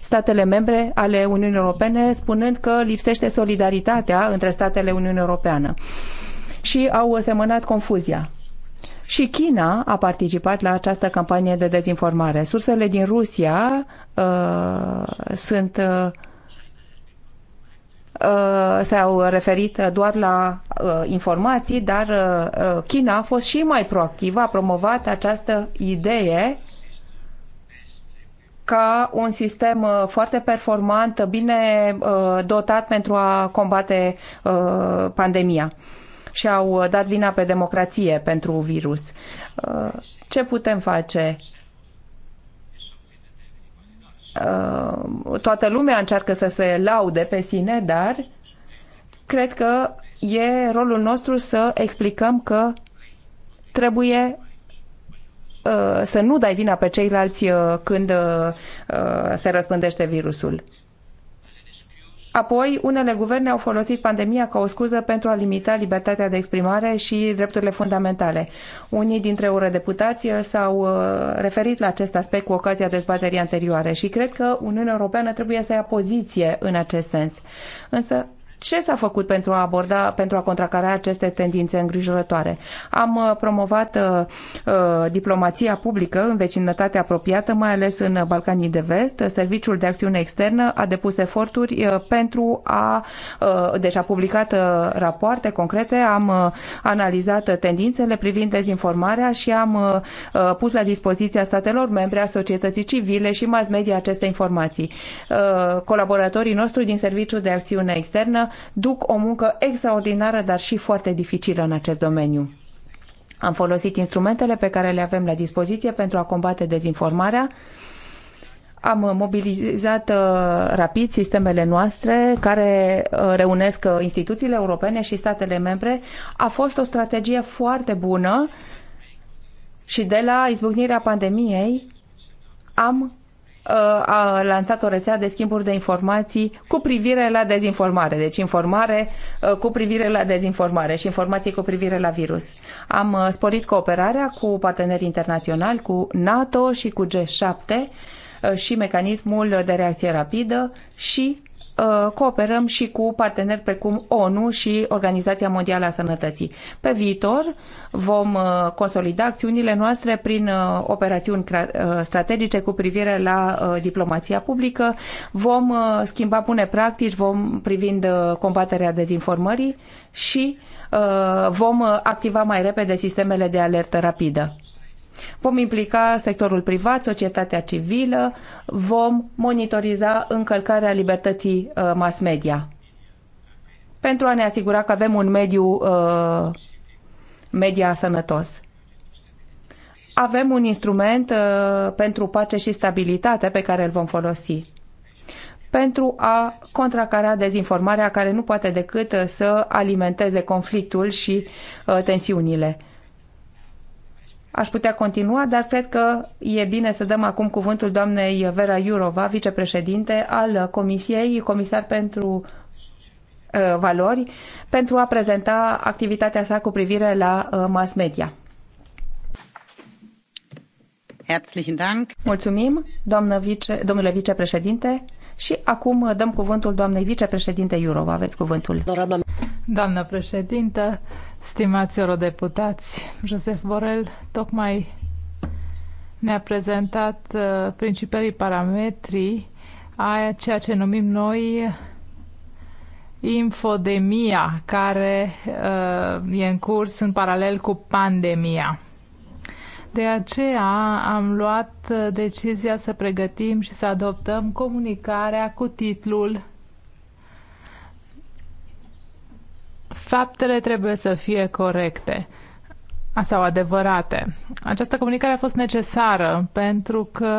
statele membre ale Uniunii Europene, spunând că lipsește solidaritatea între statele Uniunii Europeană și au semănat confuzia și China a participat la această campanie de dezinformare. Sursele din Rusia uh, sunt uh, uh s-au referit doar la uh, informații, dar uh, uh, China a fost și mai proactivă, a promovat această idee ca un sistem uh, foarte performant, bine dotat pentru a combate pandemia și au uh, dat vina pe democrație pentru virus. Uh, ce putem face? Uh, toată lumea încearcă să se laude pe sine, dar cred că e rolul nostru să explicăm că trebuie să nu dai vina pe ceilalți când se răspândește virusul. Apoi, unele guverne au folosit pandemia ca o scuză pentru a limita libertatea de exprimare și drepturile fundamentale. Unii dintre eurodeputații s-au uh, referit la acest aspect cu ocazia dezbaterii anterioare și cred că Uniunea Europeană trebuie să ia poziție în acest sens. Însă, ce s-a făcut pentru a aborda, pentru a contracara aceste tendințe îngrijorătoare? Am uh, promovat uh, uh, diplomația publică în vecinătatea apropiată, mai ales în Balcanii de Vest. Serviciul de Acțiune Externă a depus eforturi uh, pentru a, uh, deci a publicat uh, rapoarte concrete, am uh, analizat tendințele privind dezinformarea și am uh, uh pus la dispoziția statelor membre a societății civile și mass media aceste informații. Uh, colaboratorii noștri din Serviciul de Acțiune Externă duc o muncă extraordinară, dar și foarte dificilă în acest domeniu. Am folosit instrumentele pe care le avem la dispoziție pentru a combate dezinformarea. Am mobilizat uh, rapid sistemele noastre care uh, reunesc uh, instituțiile europene și statele membre. A fost o strategie foarte bună și de la izbucnirea pandemiei am Uh, a lansat o rețea de schimburi de informații cu privire la dezinformare. Deci informare uh, cu privire la dezinformare și informații cu privire la virus. Am uh, sporit cooperarea cu parteneri internaționali, cu NATO și cu G7 și mecanismul de reacție rapidă și Uh, cooperăm și cu parteneri precum ONU și Organizația Mondială a Sănătății. Pe viitor vom uh, consolida acțiunile noastre prin uh, operațiuni strategice cu privire la diplomația publică, vom schimba bune practici, vom privind combaterea dezinformării și vom activa mai repede sistemele de alertă rapidă. Vom implica sectorul privat, societatea civilă, vom monitoriza încălcarea libertății uh, mass media pentru a ne asigura că avem un mediu uh, media sănătos avem un instrument uh, pentru pace și stabilitate pe care îl vom folosi pentru a contracara dezinformarea care nu poate decât să alimenteze conflictul și uh, tensiunile. Aș putea continua, dar cred că e bine să dăm acum cuvântul doamnei Vera Iurova, vicepreședinte al Comisiei, comisar pentru uh, valori, pentru a prezenta activitatea sa cu privire la uh, mass media. Herzlichen Dank. Mulțumim, doamnă vice, domnule vicepreședinte. Și acum uh, dăm cuvântul doamnei vicepreședinte Iurova. Aveți cuvântul. Doamnă președintă, Stimați eurodeputați, Josef Borel tocmai ne-a prezentat uh, principalii parametri a ceea ce numim noi infodemia, care uh, e în curs în paralel cu pandemia. De aceea am luat uh, decizia să pregătim și să adoptăm comunicarea cu titlul Faptele trebuie să fie corecte sau adevărate. Această comunicare a fost necesară pentru că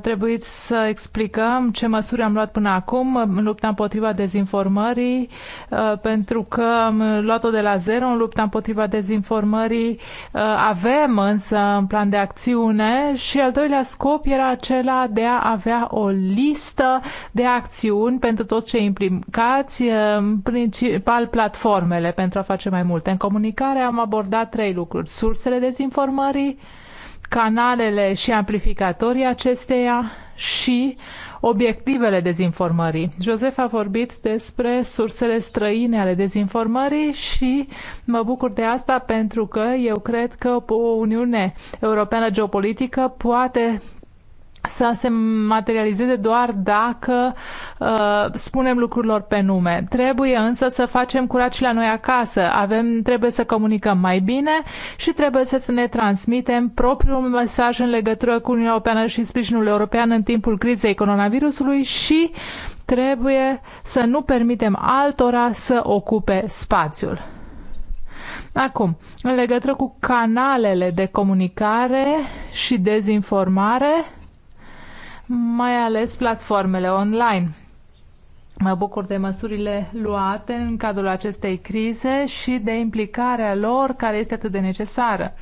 trebuit să explicăm ce măsuri am luat până acum în lupta împotriva dezinformării, pentru că am luat-o de la zero în lupta împotriva dezinformării. Avem însă un plan de acțiune și al doilea scop era acela de a avea o listă de acțiuni pentru toți cei implicați, în principal platformele pentru a face mai multe. În comunicare am abordat trei lucruri. Sursele dezinformării, canalele și amplificatorii acesteia și obiectivele dezinformării. Josef a vorbit despre sursele străine ale dezinformării și mă bucur de asta pentru că eu cred că o Uniune Europeană Geopolitică poate să se materializeze doar dacă uh, spunem lucrurilor pe nume. Trebuie însă să facem curaj și la noi acasă. Avem, trebuie să comunicăm mai bine și trebuie să ne transmitem propriul mesaj în legătură cu Uniunea Europeană și sprijinul european în timpul crizei coronavirusului și trebuie să nu permitem altora să ocupe spațiul. Acum, în legătură cu canalele de comunicare și dezinformare, mai ales platformele online. Mă bucur de măsurile luate în cadrul acestei crize și de implicarea lor care este atât de necesară.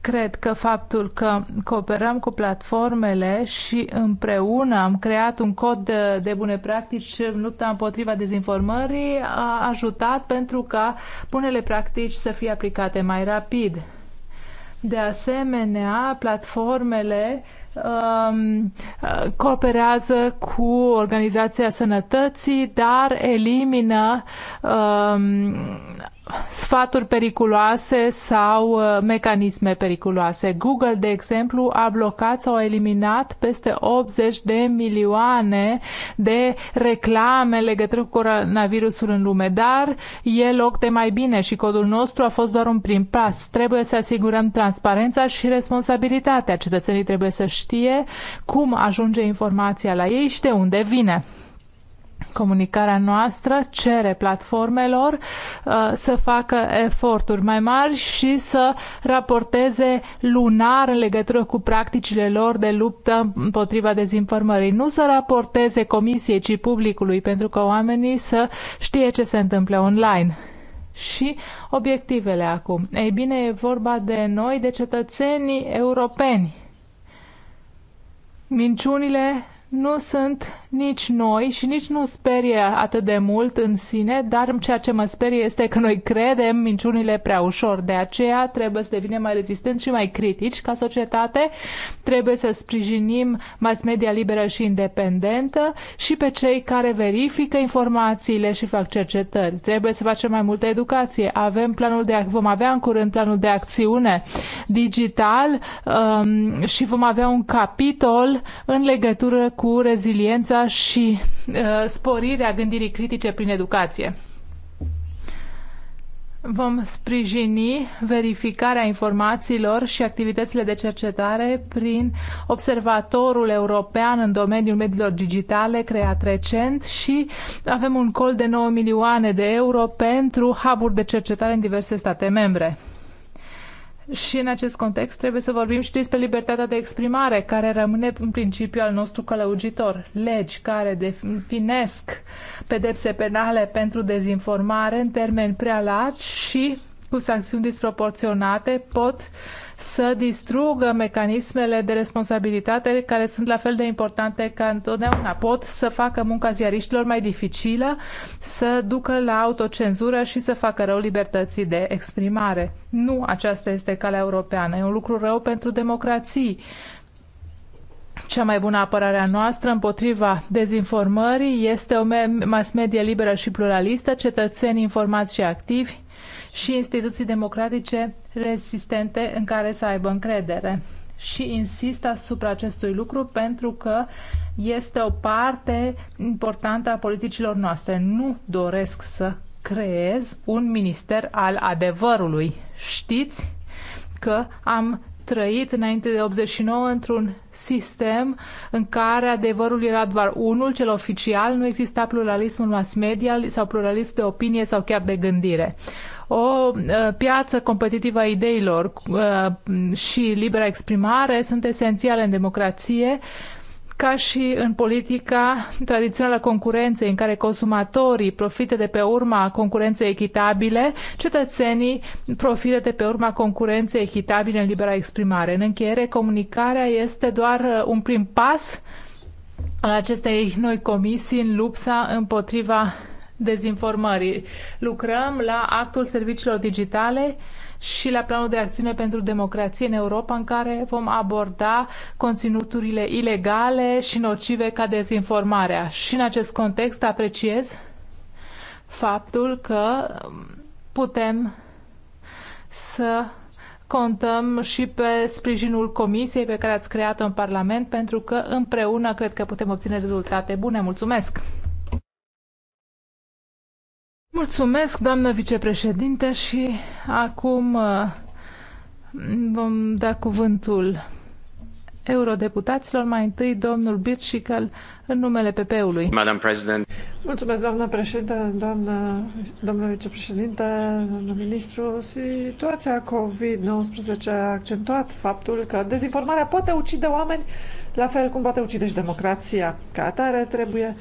Cred că faptul că cooperăm cu platformele și împreună am creat un cod de, de bune practici în lupta împotriva dezinformării a ajutat pentru ca bunele practici să fie aplicate mai rapid. De asemenea, platformele uh, Um, cooperează cu Organizația Sănătății, dar elimină um, sfaturi periculoase sau uh, mecanisme periculoase. Google, de exemplu, a blocat sau a eliminat peste 80 de milioane de reclame legătură cu coronavirusul în lume, dar e loc de mai bine și codul nostru a fost doar un prim pas. Trebuie să asigurăm transparența și responsabilitatea. Cetățenii trebuie să știe cum ajunge informația la ei și de unde vine. Comunicarea noastră cere platformelor uh, să facă eforturi mai mari și să raporteze lunar în legătură cu practicile lor de luptă împotriva dezinformării. Nu să raporteze comisiei, ci publicului, pentru că oamenii să știe ce se întâmplă online. Și obiectivele acum. Ei bine, e vorba de noi, de cetățenii europeni. Minciunile nu sunt nici noi și nici nu sperie atât de mult în sine, dar ceea ce mă sperie este că noi credem minciunile prea ușor. De aceea trebuie să devenim mai rezistenți și mai critici ca societate, trebuie să sprijinim mass media liberă și independentă și pe cei care verifică informațiile și fac cercetări. Trebuie să facem mai multă educație. Avem planul de, vom avea în curând planul de acțiune digital um, și vom avea un capitol în legătură cu cu reziliența și uh, sporirea gândirii critice prin educație. Vom sprijini verificarea informațiilor și activitățile de cercetare prin Observatorul European în domeniul mediilor digitale creat recent și avem un col de 9 milioane de euro pentru hub de cercetare în diverse state membre. Și în acest context trebuie să vorbim și despre libertatea de exprimare, care rămâne în principiu al nostru călăugitor. Legi care definesc pedepse penale pentru dezinformare în termeni prea largi și cu sancțiuni disproporționate pot să distrugă mecanismele de responsabilitate care sunt la fel de importante ca întotdeauna. Pot să facă munca ziariștilor mai dificilă, să ducă la autocenzură și să facă rău libertății de exprimare. Nu aceasta este calea europeană. E un lucru rău pentru democrații. Cea mai bună apărare a noastră împotriva dezinformării este o mass media liberă și pluralistă, cetățeni informați și activi și instituții democratice rezistente în care să aibă încredere. Și insist asupra acestui lucru pentru că este o parte importantă a politicilor noastre. Nu doresc să creez un minister al adevărului. Știți că am trăit înainte de 89 într-un sistem în care adevărul era doar unul, cel oficial, nu exista pluralismul mass media sau pluralism de opinie sau chiar de gândire o uh, piață competitivă a ideilor uh, și libera exprimare sunt esențiale în democrație ca și în politica tradițională concurenței, în care consumatorii profită de pe urma concurenței echitabile, cetățenii profită de pe urma concurenței echitabile în libera exprimare. În încheiere, comunicarea este doar uh, un prim pas al acestei noi comisii în lupta împotriva dezinformării. Lucrăm la actul serviciilor digitale și la planul de acțiune pentru democrație în Europa, în care vom aborda conținuturile ilegale și nocive ca dezinformarea. Și în acest context apreciez faptul că um, putem să contăm și pe sprijinul comisiei pe care ați creat-o în Parlament, pentru că împreună cred că putem obține rezultate bune. Mulțumesc! Mulțumesc, doamnă vicepreședinte, și acum uh, vom da cuvântul eurodeputaților, mai întâi domnul Birchical în numele PP-ului. Madam President. Mulțumesc, doamnă președinte, doamnă, doamnă vicepreședinte, domnul ministru. Situația COVID-19 a accentuat faptul că dezinformarea poate ucide oameni, la fel cum poate ucide și democrația. Ca atare trebuie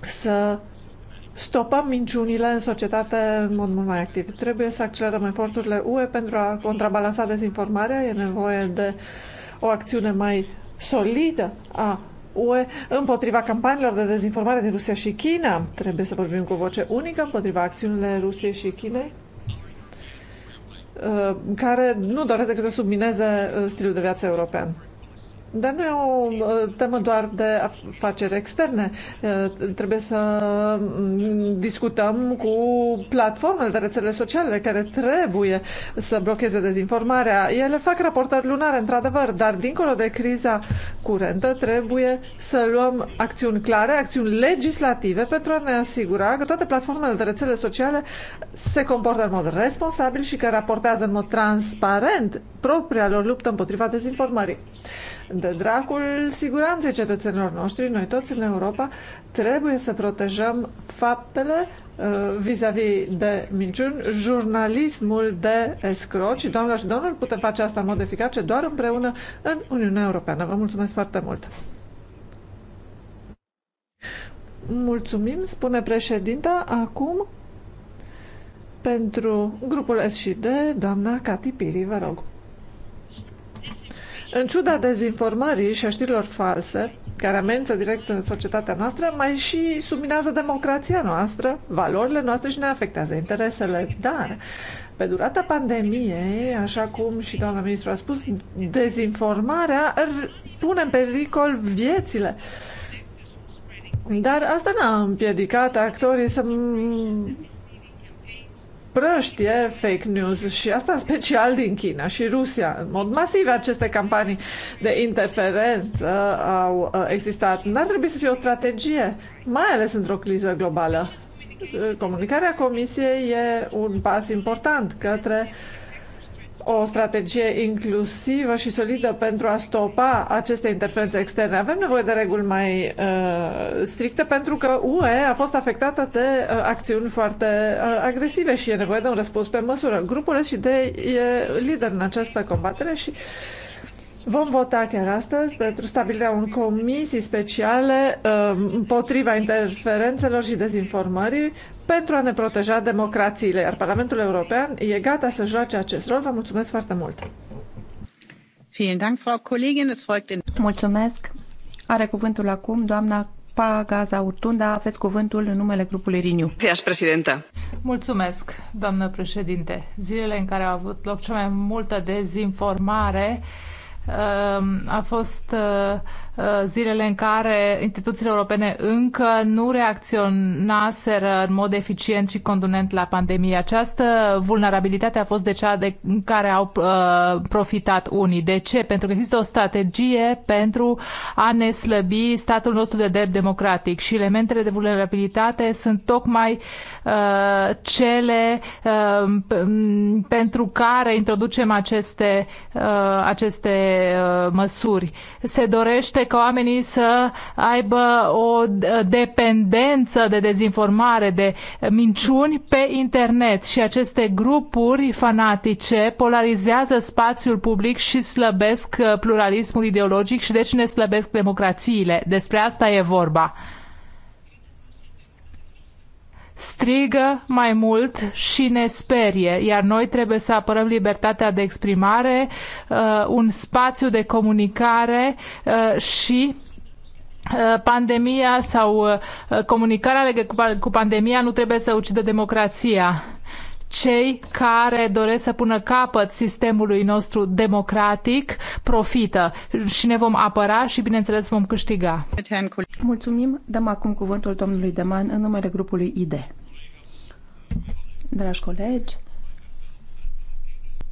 să stopăm minciunile în societate în mod mult mai activ. Trebuie să accelerăm eforturile UE pentru a contrabalansa dezinformarea. E nevoie de o acțiune mai solidă a UE împotriva campaniilor de dezinformare din Rusia și China. Trebuie să vorbim cu voce unică împotriva acțiunile Rusiei și Chinei uh, care nu doresc decât să submineze uh, stilul de viață european. Dar nu e o uh, temă doar de afaceri externe. Uh, trebuie să mm, discutăm cu platformele de rețele sociale care trebuie să blocheze dezinformarea. Ele fac raportări lunare, într-adevăr, dar dincolo de criza curentă trebuie să luăm acțiuni clare, acțiuni legislative pentru a ne asigura că toate platformele de rețele sociale se comportă în mod responsabil și că raportează în mod transparent propria lor luptă împotriva dezinformării de dracul siguranței cetățenilor noștri, noi toți în Europa trebuie să protejăm faptele uh, vis-a-vis -vis de minciuni, jurnalismul de escroci. Doamna și domnul putem face asta în mod eficace doar împreună în Uniunea Europeană. Vă mulțumesc foarte mult! Mulțumim, spune președinta, acum pentru grupul S doamna Cati Piri, vă rog. În ciuda dezinformării și a știrilor false, care amenință direct în societatea noastră, mai și subminează democrația noastră, valorile noastre și ne afectează interesele. Dar, pe durata pandemiei, așa cum și doamna ministru a spus, dezinformarea pune în pericol viețile. Dar asta n-a împiedicat actorii să prăștie fake news și asta special din China și Rusia. În mod masiv aceste campanii de interferență au uh, existat. N-ar trebui să fie o strategie, mai ales într-o criză globală. Uh, comunicarea Comisiei e un pas important către uh, o strategie inclusivă și solidă pentru a stopa aceste interferențe externe. Avem nevoie de reguli mai uh, stricte pentru că UE a fost afectată de uh, acțiuni foarte uh, agresive și e nevoie de un răspuns pe măsură. Grupul de e lider în această combatere și Vom vota chiar astăzi pentru stabilirea unui comisii speciale uh, împotriva interferențelor și dezinformării pentru a ne proteja democrațiile, iar Parlamentul European e gata să joace acest rol. Vă mulțumesc foarte mult! Mulțumesc! Are cuvântul acum doamna Pagaza Urtunda. Aveți cuvântul în numele grupului Riniu. Mulțumesc, doamnă președinte. Zilele în care a avut loc cea mai multă dezinformare uh, a fost uh, Uh, zilele în care instituțiile europene încă nu reacționaseră în mod eficient și condunent la pandemie. Această vulnerabilitate a fost de cea de care au uh, profitat unii. De ce? Pentru că există o strategie pentru a ne slăbi statul nostru de drept democratic și elementele de vulnerabilitate sunt tocmai uh, cele uh, pentru care introducem aceste, uh, aceste uh, măsuri. Se dorește este ca oamenii să aibă o dependență de dezinformare, de minciuni pe internet și aceste grupuri fanatice polarizează spațiul public și slăbesc uh, pluralismul ideologic și deci ne slăbesc democrațiile. Despre asta e vorba strigă mai mult și ne sperie, iar noi trebuie să apărăm libertatea de exprimare, uh, un spațiu de comunicare uh, și uh, pandemia sau comunicarea cu pandemia nu trebuie să ucidă democrația cei care doresc să pună capăt sistemului nostru democratic profită și ne vom apăra și, bineînțeles, vom câștiga. Mulțumim. Dăm acum cuvântul domnului Deman în numele grupului ID. Dragi colegi,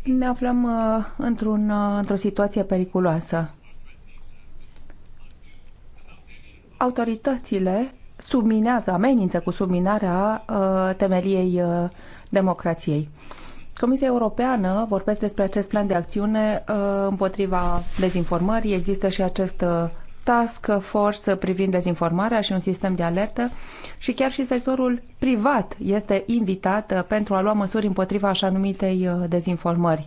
ne aflăm uh, într-un, uh, într-o situație periculoasă. Autoritățile subminează, amenință cu subminarea uh, temeliei uh, democrației. Comisia Europeană vorbesc despre acest plan de acțiune uh, împotriva dezinformării. Există și acest uh, task force privind dezinformarea și un sistem de alertă și chiar și sectorul privat este invitat uh, pentru a lua măsuri împotriva așa numitei dezinformări.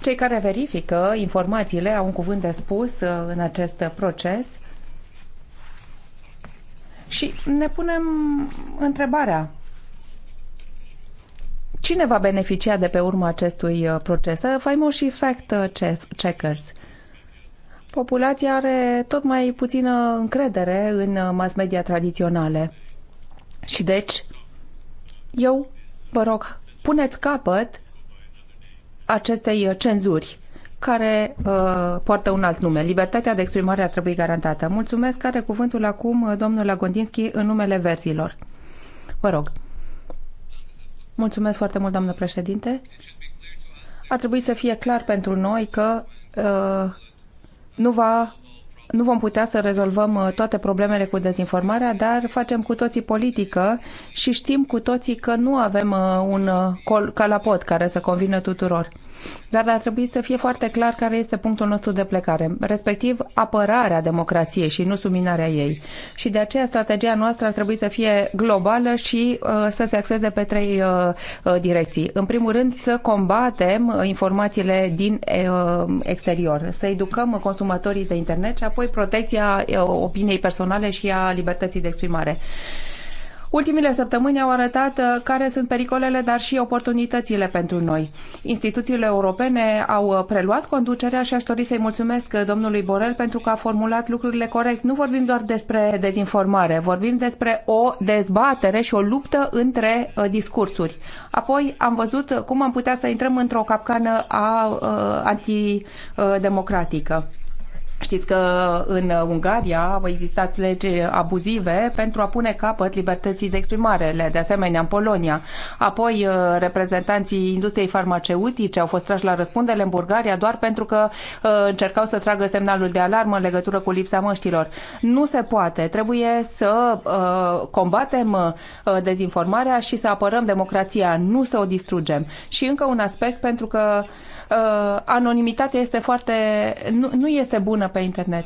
Cei care verifică informațiile au un cuvânt de spus în acest proces și ne punem întrebarea Cine va beneficia de pe urma acestui uh, proces? Uh, Faimoșii fact uh, checkers. Populația are tot mai puțină încredere în mass media tradiționale. Și deci, eu vă rog, puneți capăt acestei cenzuri care uh, poartă un alt nume. Libertatea de exprimare ar trebui garantată. Mulțumesc. Are cuvântul acum domnul Agondinski în numele verzilor. Vă rog. Mulțumesc foarte mult, doamnă președinte. Ar trebui să fie clar pentru noi că uh, nu va nu vom putea să rezolvăm uh, toate problemele cu dezinformarea, dar facem cu toții politică și știm cu toții că nu avem uh, un uh, calapot care să convină tuturor dar ar trebui să fie foarte clar care este punctul nostru de plecare, respectiv apărarea democrației și nu subminarea ei. Și de aceea strategia noastră ar trebui să fie globală și uh, să se axeze pe trei uh, uh direcții. În primul rând, să combatem uh, informațiile din uh, exterior, să educăm consumatorii de internet și apoi protecția uh, opiniei personale și a libertății de exprimare. Ultimile săptămâni au arătat uh, care sunt pericolele, dar și oportunitățile pentru noi. Instituțiile europene au uh, preluat conducerea și aș dori să-i mulțumesc uh, domnului Borel pentru că a formulat lucrurile corect. Nu vorbim doar despre dezinformare, vorbim despre o dezbatere și o luptă între discursuri. Apoi am văzut cum am putea să intrăm într-o capcană a, antidemocratică. Știți că în Ungaria au existat legi abuzive pentru a pune capăt libertății de exprimare, de asemenea în Polonia. Apoi, uh, reprezentanții industriei farmaceutice au fost trași la răspundere în Bulgaria doar pentru că uh, încercau să tragă semnalul de alarmă în legătură cu lipsa măștilor. Nu se poate. Trebuie să uh, combatem dezinformarea și să apărăm democrația, nu să o distrugem. Și încă un aspect, pentru că Uh, anonimitatea este foarte, nu, nu este bună pe internet.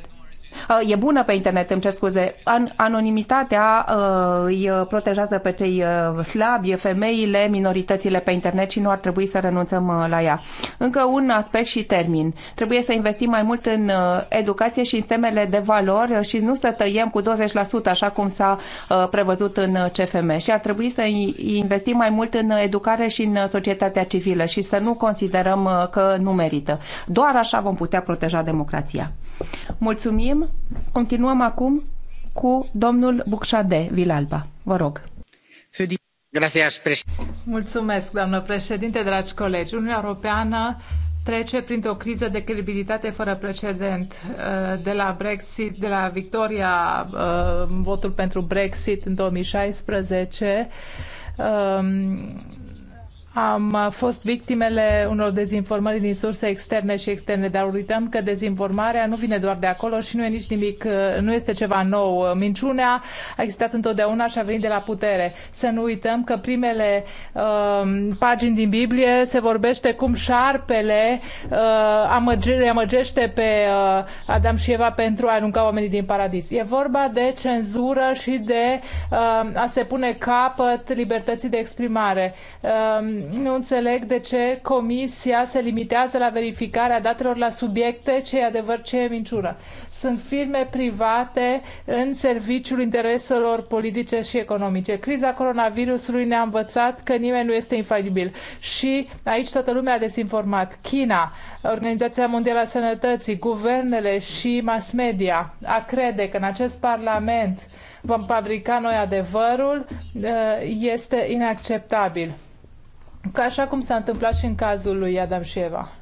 Uh, e bună pe internet, îmi cer scuze. An- anonimitatea uh, îi protejează pe cei uh, slabi, femeile, minoritățile pe internet și nu ar trebui să renunțăm la ea. Încă un aspect și termin. Trebuie să investim mai mult în educație și în sistemele de valori și nu să tăiem cu 20% așa cum s-a prevăzut în CFM. Și ar trebui să investim mai mult în educare și în societatea civilă și să nu considerăm că nu merită. Doar așa vom putea proteja democrația. Mulțumim. Continuăm acum cu domnul Bucșade Vilalba. Vă rog. Mulțumesc, doamnă președinte, dragi colegi. Uniunea Europeană trece printr-o criză de credibilitate fără precedent. Uh, de la Brexit, de la victoria, uh, votul pentru Brexit în 2016, am uh, fost victimele unor dezinformări din surse externe și externe, dar uităm că dezinformarea nu vine doar de acolo și nu e nici nimic, uh, nu este ceva nou. Uh, Minciunea a existat întotdeauna și a venit de la putere. Să nu uităm că primele uh, pagini din Biblie se vorbește cum șarpele uh, amăge, amăgește pe uh, Adam și Eva pentru a arunca oamenii din paradis. E vorba de cenzură și de uh, a se pune capăt libertății de exprimare. Uh, nu înțeleg de ce comisia se limitează la verificarea datelor la subiecte, ce e adevăr, ce e minciună. Sunt firme private în serviciul intereselor politice și economice. Criza coronavirusului ne-a învățat că nimeni nu este infalibil și aici toată lumea a dezinformat. China, Organizația Mondială a Sănătății, guvernele și mass media a crede că în acest parlament vom fabrica noi adevărul ă, este inacceptabil. Ca așa cum s-a întâmplat și în cazul lui Adam și Eva.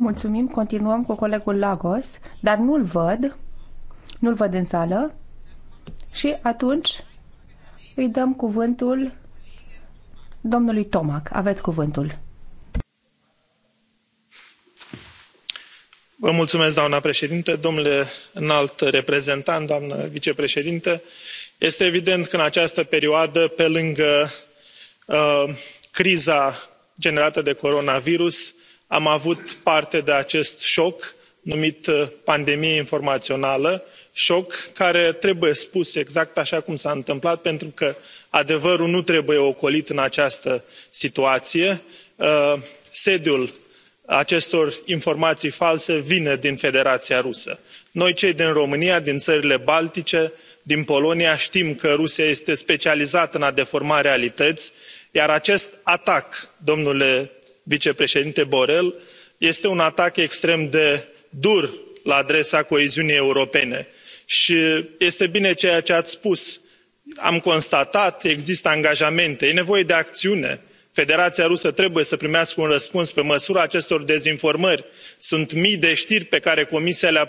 Mulțumim, continuăm cu colegul Lagos, dar nu-l văd, nu-l văd în sală și atunci îi dăm cuvântul domnului Tomac. Aveți cuvântul. Vă mulțumesc, doamna președinte, domnule înalt reprezentant, doamnă vicepreședinte. Este evident că în această perioadă, pe lângă Uh, criza generată de coronavirus am avut parte de acest șoc numit uh, pandemie informațională șoc care trebuie spus exact așa cum s a întâmplat pentru că adevărul nu trebuie ocolit în această situație uh, sediul acestor informații false vine din federația rusă. noi cei din românia din țările baltice din polonia știm că rusia este specializată în a deforma realități iar acest atac domnule vicepreședinte borrell este un atac extrem de dur la adresa coeziunii europene și este bine ceea ce ați spus am constatat există angajamente e nevoie de acțiune federația rusă trebuie să primească un răspuns pe măsura acestor dezinformări sunt mii de știri pe care comisia le a